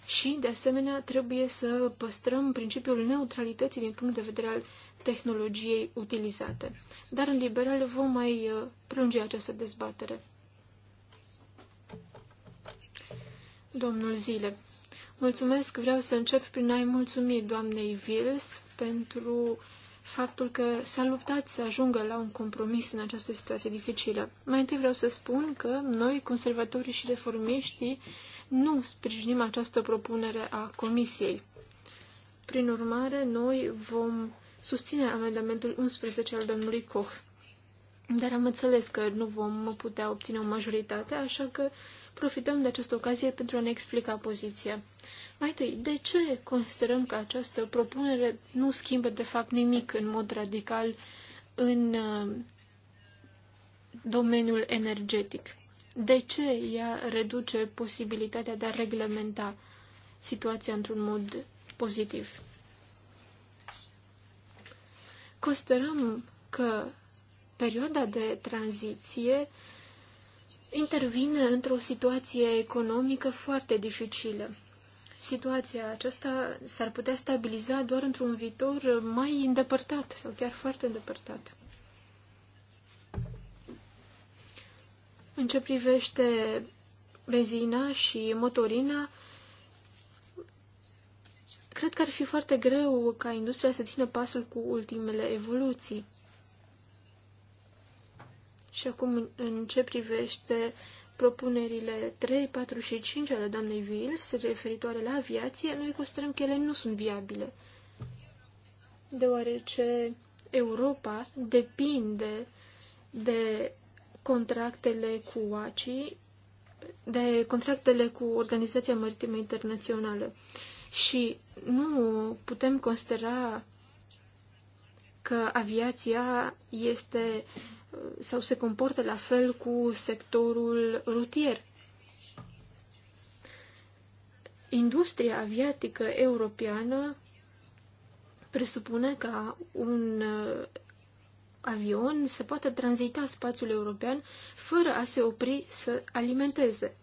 D: Și, de asemenea, trebuie să păstrăm principiul neutralității din punct de vedere al tehnologiei utilizate. Dar în liberal vom mai uh, prânge această dezbatere. Domnul Zile, mulțumesc, vreau să încep prin a-i mulțumi doamnei Vils pentru faptul că s-a luptat să ajungă la un compromis în această situație dificilă. Mai întâi vreau să spun că noi, conservatorii și reformiștii, nu sprijinim această propunere a Comisiei. Prin urmare, noi vom susține amendamentul 11 al domnului Koch. Dar am înțeles că nu vom putea obține o majoritate, așa că profităm de această ocazie pentru a ne explica poziția. Mai întâi, de ce considerăm că această propunere nu schimbă de fapt nimic în mod radical în uh, domeniul energetic? De ce ea reduce posibilitatea de a reglementa situația într-un mod pozitiv? Considerăm că perioada de tranziție intervine într-o situație economică foarte dificilă situația aceasta s-ar putea stabiliza doar într-un viitor mai îndepărtat sau chiar foarte îndepărtat. În ce privește benzina și motorina, cred că ar fi foarte greu ca industria să țină pasul cu ultimele evoluții. Și acum, în ce privește uh, propunerile 3, 4 și 5 ale doamnei Wills referitoare la aviație, noi considerăm că ele nu sunt viabile, deoarece Europa depinde de contractele cu ACI, de contractele cu Organizația Maritimă Internațională. Și nu putem considera că aviația este uh, sau se comportă la fel cu sectorul rutier. Industria aviatică europeană presupune ca un uh, avion să poată tranzita spațiul european fără a se opri să alimenteze.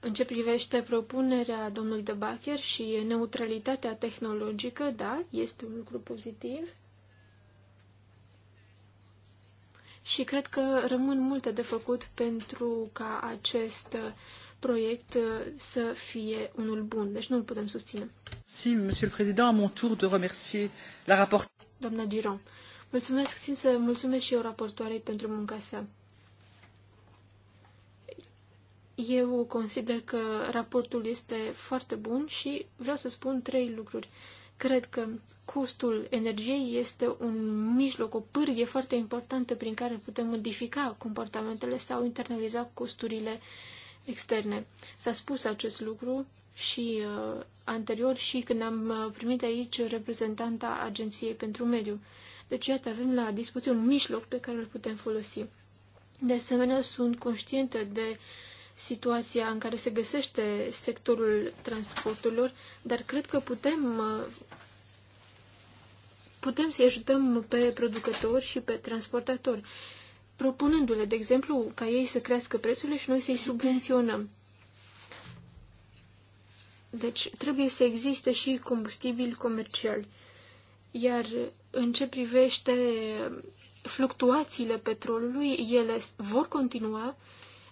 D: În ce privește propunerea domnului de Bacher și neutralitatea tehnologică, da, este un lucru pozitiv. și cred că rămân multe de făcut pentru ca acest uh, proiect uh, să fie unul bun. Deci nu îl putem susține.
C: Si, monsieur le président, à mon tour de remercier la rapporteure.
D: Doamna Giron, mulțumesc, țin să mulțumesc și eu raportoarei pentru munca sa. Eu consider că raportul este foarte bun și vreau să spun trei lucruri. Cred că costul energiei este un mijloc, o pârghie foarte importantă prin care putem modifica comportamentele sau internaliza costurile externe. S-a spus acest lucru și uh, anterior și când am uh, primit aici reprezentanta Agenției pentru Mediu. Deci, iată, avem la dispoziție un mijloc pe care îl putem folosi. De asemenea, sunt conștientă de uh, situația în care se găsește sectorul transporturilor, dar cred că putem uh, putem să-i ajutăm pe producători și pe transportatori, propunându-le, de exemplu, ca ei să crească prețurile și noi să-i subvenționăm. Deci trebuie să existe și combustibili comerciali. Iar în ce privește fluctuațiile petrolului, ele vor continua,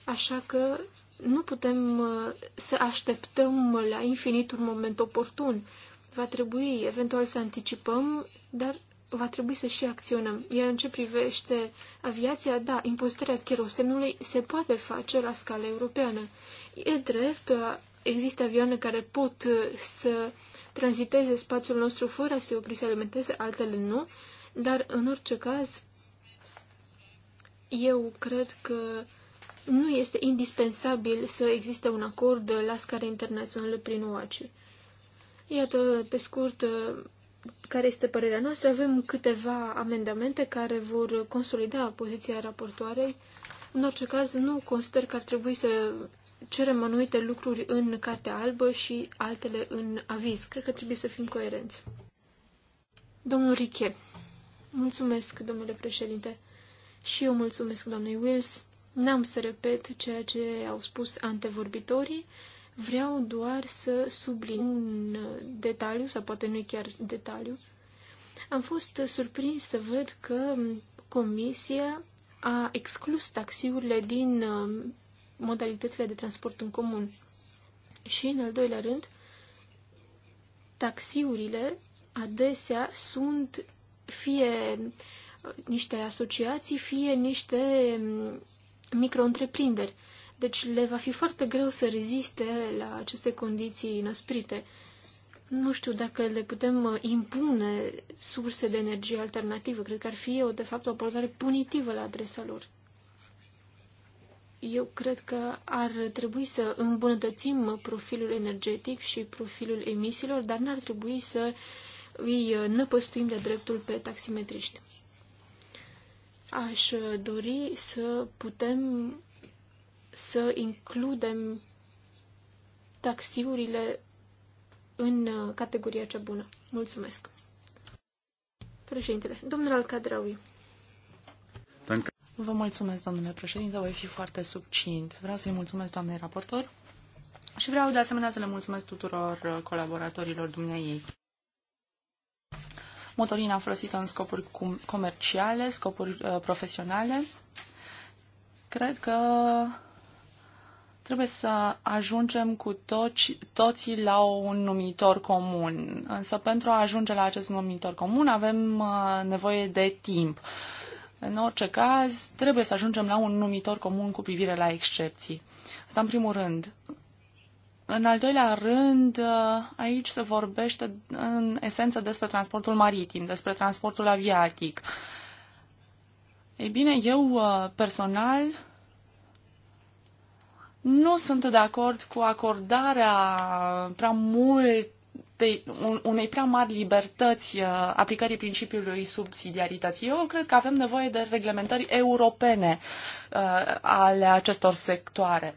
D: așa că nu putem uh, să așteptăm la infinit un moment oportun. Va trebui eventual să anticipăm, dar va trebui să și acționăm. Iar în ce privește aviația, da, impozitarea cherosenului se poate face la scală europeană. E drept, există avioane care pot uh, să tranziteze spațiul nostru fără să se opri să alimenteze, altele nu, dar în orice caz, eu cred că nu este indispensabil să existe un acord la scară internațională prin OACI. Iată, pe scurt, care este părerea noastră. Avem câteva amendamente care vor consolida poziția raportoarei. În orice caz, nu consider că ar trebui să cerem anumite lucruri în Cartea Albă și altele în aviz. Cred că trebuie să fim coerenți. Domnul Riche. Mulțumesc, domnule președinte. Și eu mulțumesc, doamnei Wills. N-am să repet ceea ce au spus antevorbitorii, vreau doar să sublin un detaliu, sau poate nu chiar detaliu. Am fost surprins să văd că Comisia a exclus taxiurile din um, modalitățile de transport în comun. Și, în al doilea rând, taxiurile adesea sunt fie uh, niște asociații, fie niște um, micro-întreprinderi. Deci le va fi foarte greu să reziste la aceste condiții năsprite. Nu știu dacă le putem uh, impune surse de energie alternativă. Cred că ar fi, de fapt, o abordare punitivă la adresa lor. Eu cred că ar trebui să îmbunătățim profilul energetic și profilul emisiilor, dar n-ar trebui să îi uh, năpăstuim de dreptul pe taximetriști. Aș dori să putem să includem taxiurile în categoria cea bună. Mulțumesc. Președintele, domnul Alcadraui.
C: Vă mulțumesc, domnule președinte, voi fi foarte subcint. Vreau să-i mulțumesc doamnei raportor și vreau de asemenea să le mulțumesc tuturor colaboratorilor dumneai ei motorina folosită în scopuri comerciale, scopuri uh, profesionale. Cred că trebuie să ajungem cu toți, toții la un numitor comun. Însă pentru a ajunge la acest numitor comun avem uh, nevoie de timp. În orice caz, trebuie să ajungem la un numitor comun cu privire la excepții. Asta în primul rând. În al doilea rând, uh, aici se vorbește în esență despre transportul maritim, despre transportul aviatic. Ei bine, eu uh, personal nu sunt de acord cu acordarea prea mult de, unei prea mari libertăți uh, aplicării principiului subsidiarității. Eu cred că avem nevoie de reglementări europene ale acestor sectoare.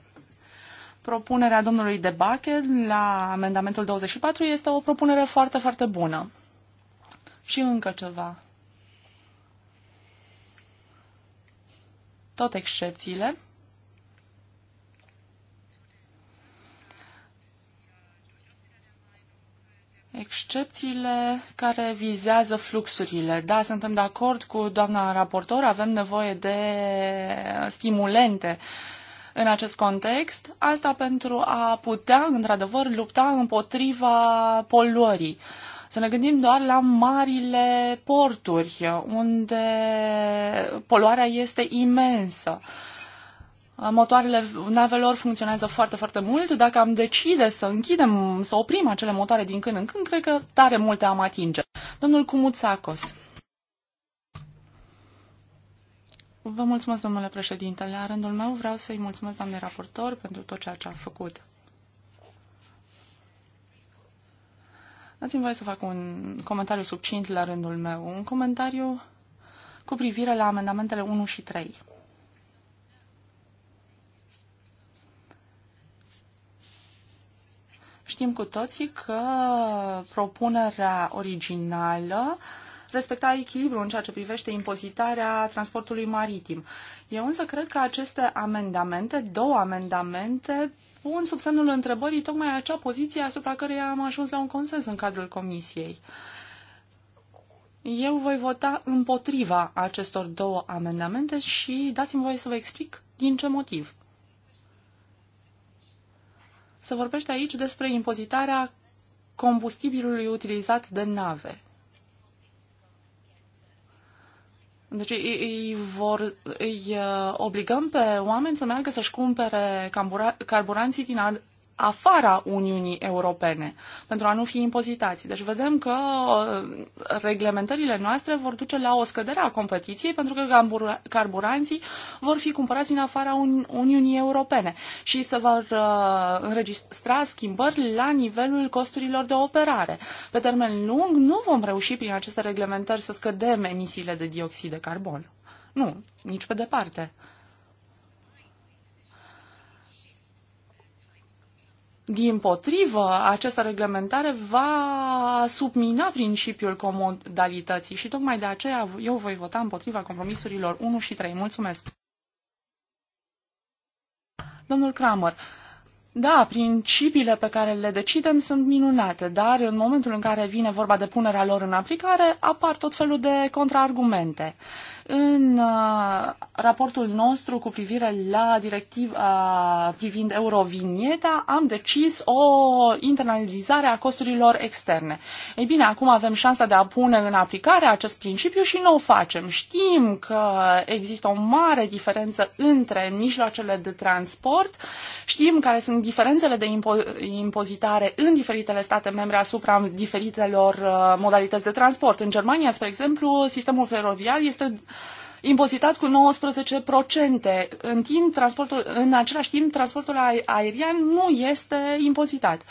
C: Propunerea domnului De Bache la amendamentul 24 este o propunere foarte, foarte bună. Și încă ceva. Tot excepțiile. Excepțiile care vizează fluxurile. Da, suntem de acord cu doamna raportor, avem nevoie de stimulente uh, în acest context, asta pentru a putea, într-adevăr, lupta împotriva poluării. Să ne gândim doar la marile porturi, unde poluarea este imensă. Motoarele navelor funcționează foarte, foarte mult. Dacă am decide să închidem, să oprim acele motoare din când în când, cred că tare multe am atinge. Domnul Cumuțacos. Vă mulțumesc, domnule președinte. La rândul meu vreau să-i mulțumesc, doamne raportor, pentru tot ceea ce a făcut. Dați-mi voie să fac un comentariu subcint la rândul meu. Un comentariu cu privire la amendamentele 1 și 3. Știm cu toții că propunerea originală uh, respecta echilibru în ceea ce privește impozitarea transportului maritim. Eu însă cred că aceste amendamente, două amendamente, pun sub semnul întrebării tocmai acea poziție asupra căreia am ajuns la un consens în cadrul Comisiei. Eu voi vota împotriva acestor două amendamente și dați-mi voie să vă explic din ce motiv. Se vorbește aici despre impozitarea combustibilului utilizat de nave. Deci îi, îi, vor, îi uh, obligăm pe oameni să meargă să-și cumpere carburanții din afara Uniunii Europene pentru a nu fi impozitați. Deci vedem că uh, reglementările noastre vor duce la o scădere a competiției pentru că carburanții vor fi cumpărați în afara Uniunii Europene și se vor uh, înregistra schimbări la nivelul costurilor de operare. Pe termen lung nu vom reuși prin aceste reglementări să scădem emisiile de dioxid de carbon. Nu, nici pe departe. Din potrivă, această reglementare va submina principiul comodalității și tocmai de aceea eu voi vota împotriva compromisurilor 1 și 3. Mulțumesc! Domnul Kramer, da, principiile pe care le decidem sunt minunate, dar în momentul în care vine vorba de punerea lor în aplicare, apar tot felul de contraargumente. În uh, raportul nostru cu privire la directiva uh, privind Eurovinieta, am decis o internalizare a costurilor externe. Ei bine, acum avem șansa de a pune în aplicare acest principiu și nu o facem. Știm că există o mare diferență între mijloacele de transport, știm care sunt diferențele de impo- impozitare în diferitele state membre asupra diferitelor uh, modalități de transport. În Germania, spre exemplu, sistemul feroviar este impozitat cu 19%, în, timp, transportul, în același timp transportul aerian nu este impozitat.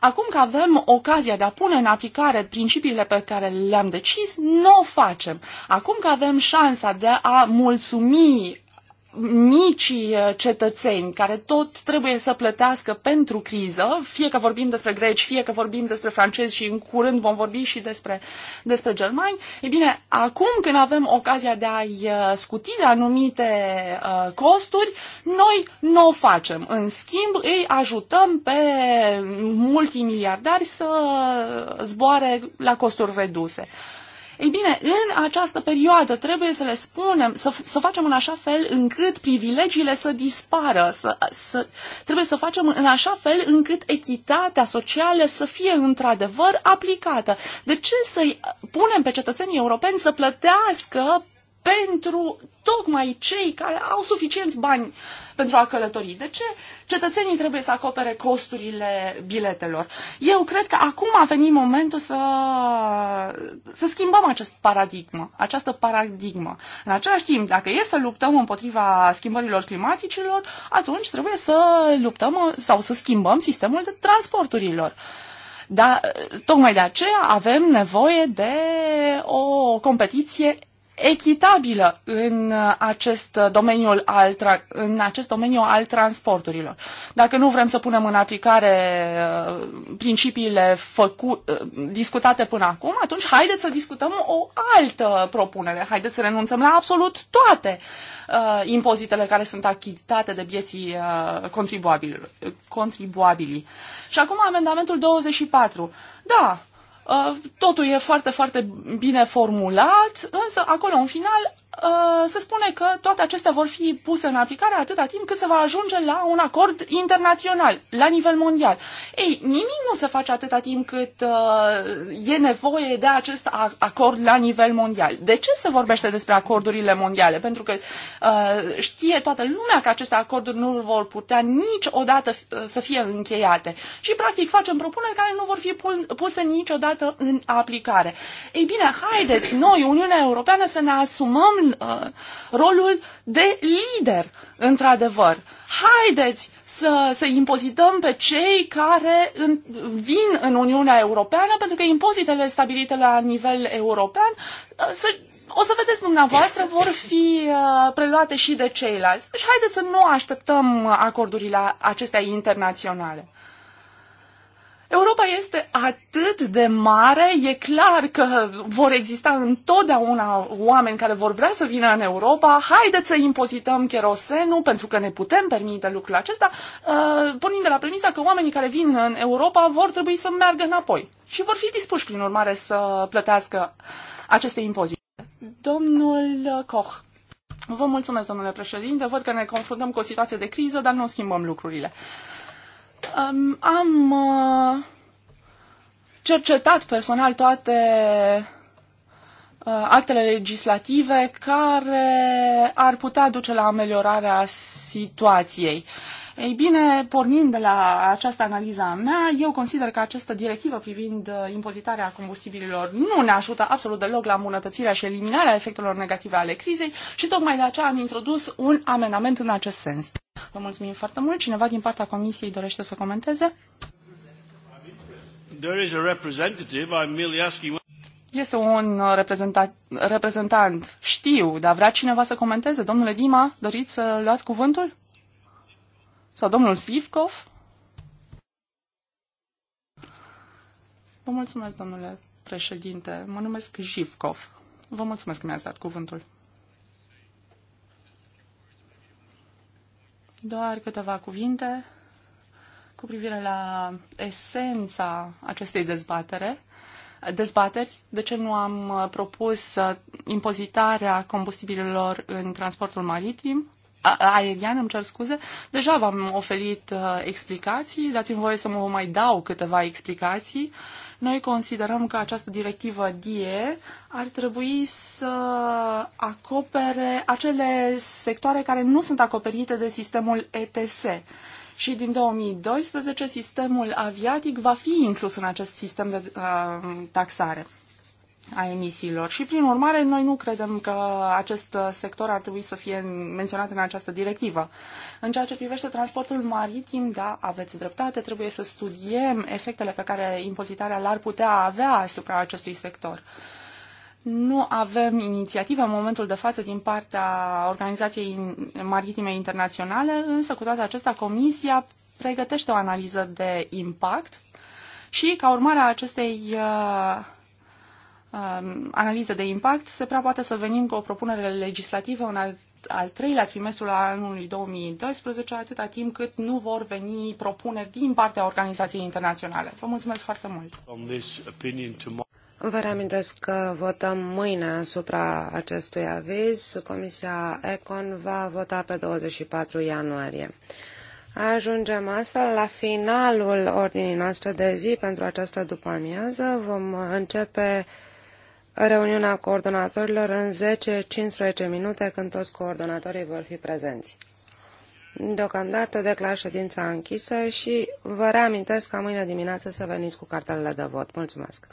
C: Acum că avem ocazia de a pune în aplicare principiile pe care le-am decis, nu o facem. Acum că avem șansa de a mulțumi micii uh, cetățeni care tot trebuie să plătească pentru criză, fie că vorbim despre greci, fie că vorbim despre francezi și în curând vom vorbi și despre, despre germani, e bine, acum când avem ocazia de a-i uh, scuti de anumite uh, costuri, noi nu o facem. În schimb, îi ajutăm pe multimiliardari să zboare la costuri reduse. Ei bine, în această perioadă trebuie să le spunem, să, să facem în așa fel încât privilegiile să dispară, să, să, trebuie să facem în așa fel încât echitatea socială să fie într-adevăr aplicată. De ce să-i punem pe cetățenii europeni să plătească pentru tocmai cei care au suficienți bani pentru a călători. De ce cetățenii trebuie să acopere costurile biletelor? Eu cred că acum a venit momentul să, să schimbăm acest paradigmă, această paradigmă. În același timp, dacă e să luptăm împotriva schimbărilor climaticilor, atunci trebuie să luptăm sau să schimbăm sistemul de transporturilor. Dar tocmai de aceea avem nevoie de o competiție echitabilă în uh, acest uh, domeniu al, tra- în acest domeniu al transporturilor. Dacă nu vrem să punem în aplicare uh, principiile făcu- discutate până acum, atunci haideți să discutăm o altă propunere. Haideți să renunțăm la absolut toate uh, impozitele care sunt achitate de vieții uh, Contribuabili. Și acum amendamentul 24. Da, Uh, totul e foarte, foarte bine formulat, însă acolo în final Uh, se spune că toate acestea vor fi puse în aplicare atâta timp cât se va ajunge la un acord internațional, la nivel mondial. Ei, nimic nu se face atâta timp cât uh, e nevoie de acest acord la nivel mondial. De ce se vorbește despre acordurile mondiale? Pentru că uh, știe toată lumea că aceste acorduri nu vor putea niciodată uh, să fie încheiate. Și, practic, facem propuneri care nu vor fi puse niciodată în aplicare. Ei bine, haideți noi, Uniunea Europeană, să ne asumăm Uh, rolul de lider, într-adevăr. Haideți să, să impozităm pe cei care în, vin în Uniunea Europeană, pentru că impozitele stabilite la nivel european uh, să, o să vedeți dumneavoastră, vor fi uh, preluate și de ceilalți. Deci haideți să nu așteptăm acordurile acestea internaționale. Europa este atât de mare, e clar că vor exista întotdeauna oameni care vor vrea să vină în Europa. Haideți să impozităm cherosenul, pentru că ne putem permite lucrul acesta, uh, pornind de la premisa că oamenii care vin în Europa vor trebui să meargă înapoi și vor fi dispuși, prin urmare, să plătească aceste impozite. Domnul Koch. Vă mulțumesc, domnule președinte. Văd că ne confruntăm cu o situație de criză, dar nu schimbăm lucrurile. Uh, Um, am uh, cercetat personal toate uh, actele legislative care ar putea duce la ameliorarea situației. Uh, ei bine, pornind de la această analiză a mea, eu consider că această directivă privind uh, impozitarea combustibililor nu ne ajută absolut deloc la îmbunătățirea și eliminarea efectelor negative ale crizei și tocmai de aceea am introdus un amendament în acest sens. Vă mulțumim foarte mult. Cineva din partea Comisiei dorește să comenteze?
A: There is a representative. I'm merely asking...
C: Este un uh, reprezentant, reprezentant. Știu, dar vrea cineva să comenteze? Domnule Dima, doriți să luați cuvântul? Sau domnul Sivkov? Vă mulțumesc, domnule președinte. Mă numesc Jivkov. Vă mulțumesc că mi-ați dat cuvântul. Doar câteva cuvinte cu privire la esența acestei dezbatere. Dezbateri, de ce nu am propus uh, impozitarea combustibililor în transportul maritim? aerian, îmi cer scuze. Deja v-am oferit uh, explicații, dați-mi voie să mă mai dau câteva explicații. Noi considerăm că această directivă DIE ar trebui să acopere acele sectoare care nu sunt acoperite de sistemul ETS. Și din 2012 sistemul aviatic va fi inclus în acest sistem de uh, taxare a emisiilor și, prin urmare, noi nu credem că acest sector ar trebui să fie menționat în această directivă. În ceea ce privește transportul maritim, da, aveți dreptate, trebuie să studiem efectele pe care impozitarea l-ar putea avea asupra acestui sector. Nu avem inițiativă în momentul de față din partea Organizației Maritime Internaționale, însă cu toate acestea Comisia pregătește o analiză de impact și ca urmare a acestei uh, Um, analiză de impact, se prea poate să venim cu o propunere legislativă în al, al treilea trimestru al anului 2012, atâta timp cât nu vor veni propuneri din partea organizației internaționale. Vă mulțumesc foarte mult!
B: Vă reamintesc că votăm mâine asupra acestui aviz. Comisia ECON va vota pe 24 ianuarie. Ajungem astfel la finalul ordinii noastre de zi pentru această după amiază. Vom începe reuniunea coordonatorilor în 10-15 minute când toți coordonatorii vor fi prezenți. Deocamdată declar ședința închisă și vă reamintesc ca mâine dimineață să veniți cu cartelele de vot. Mulțumesc!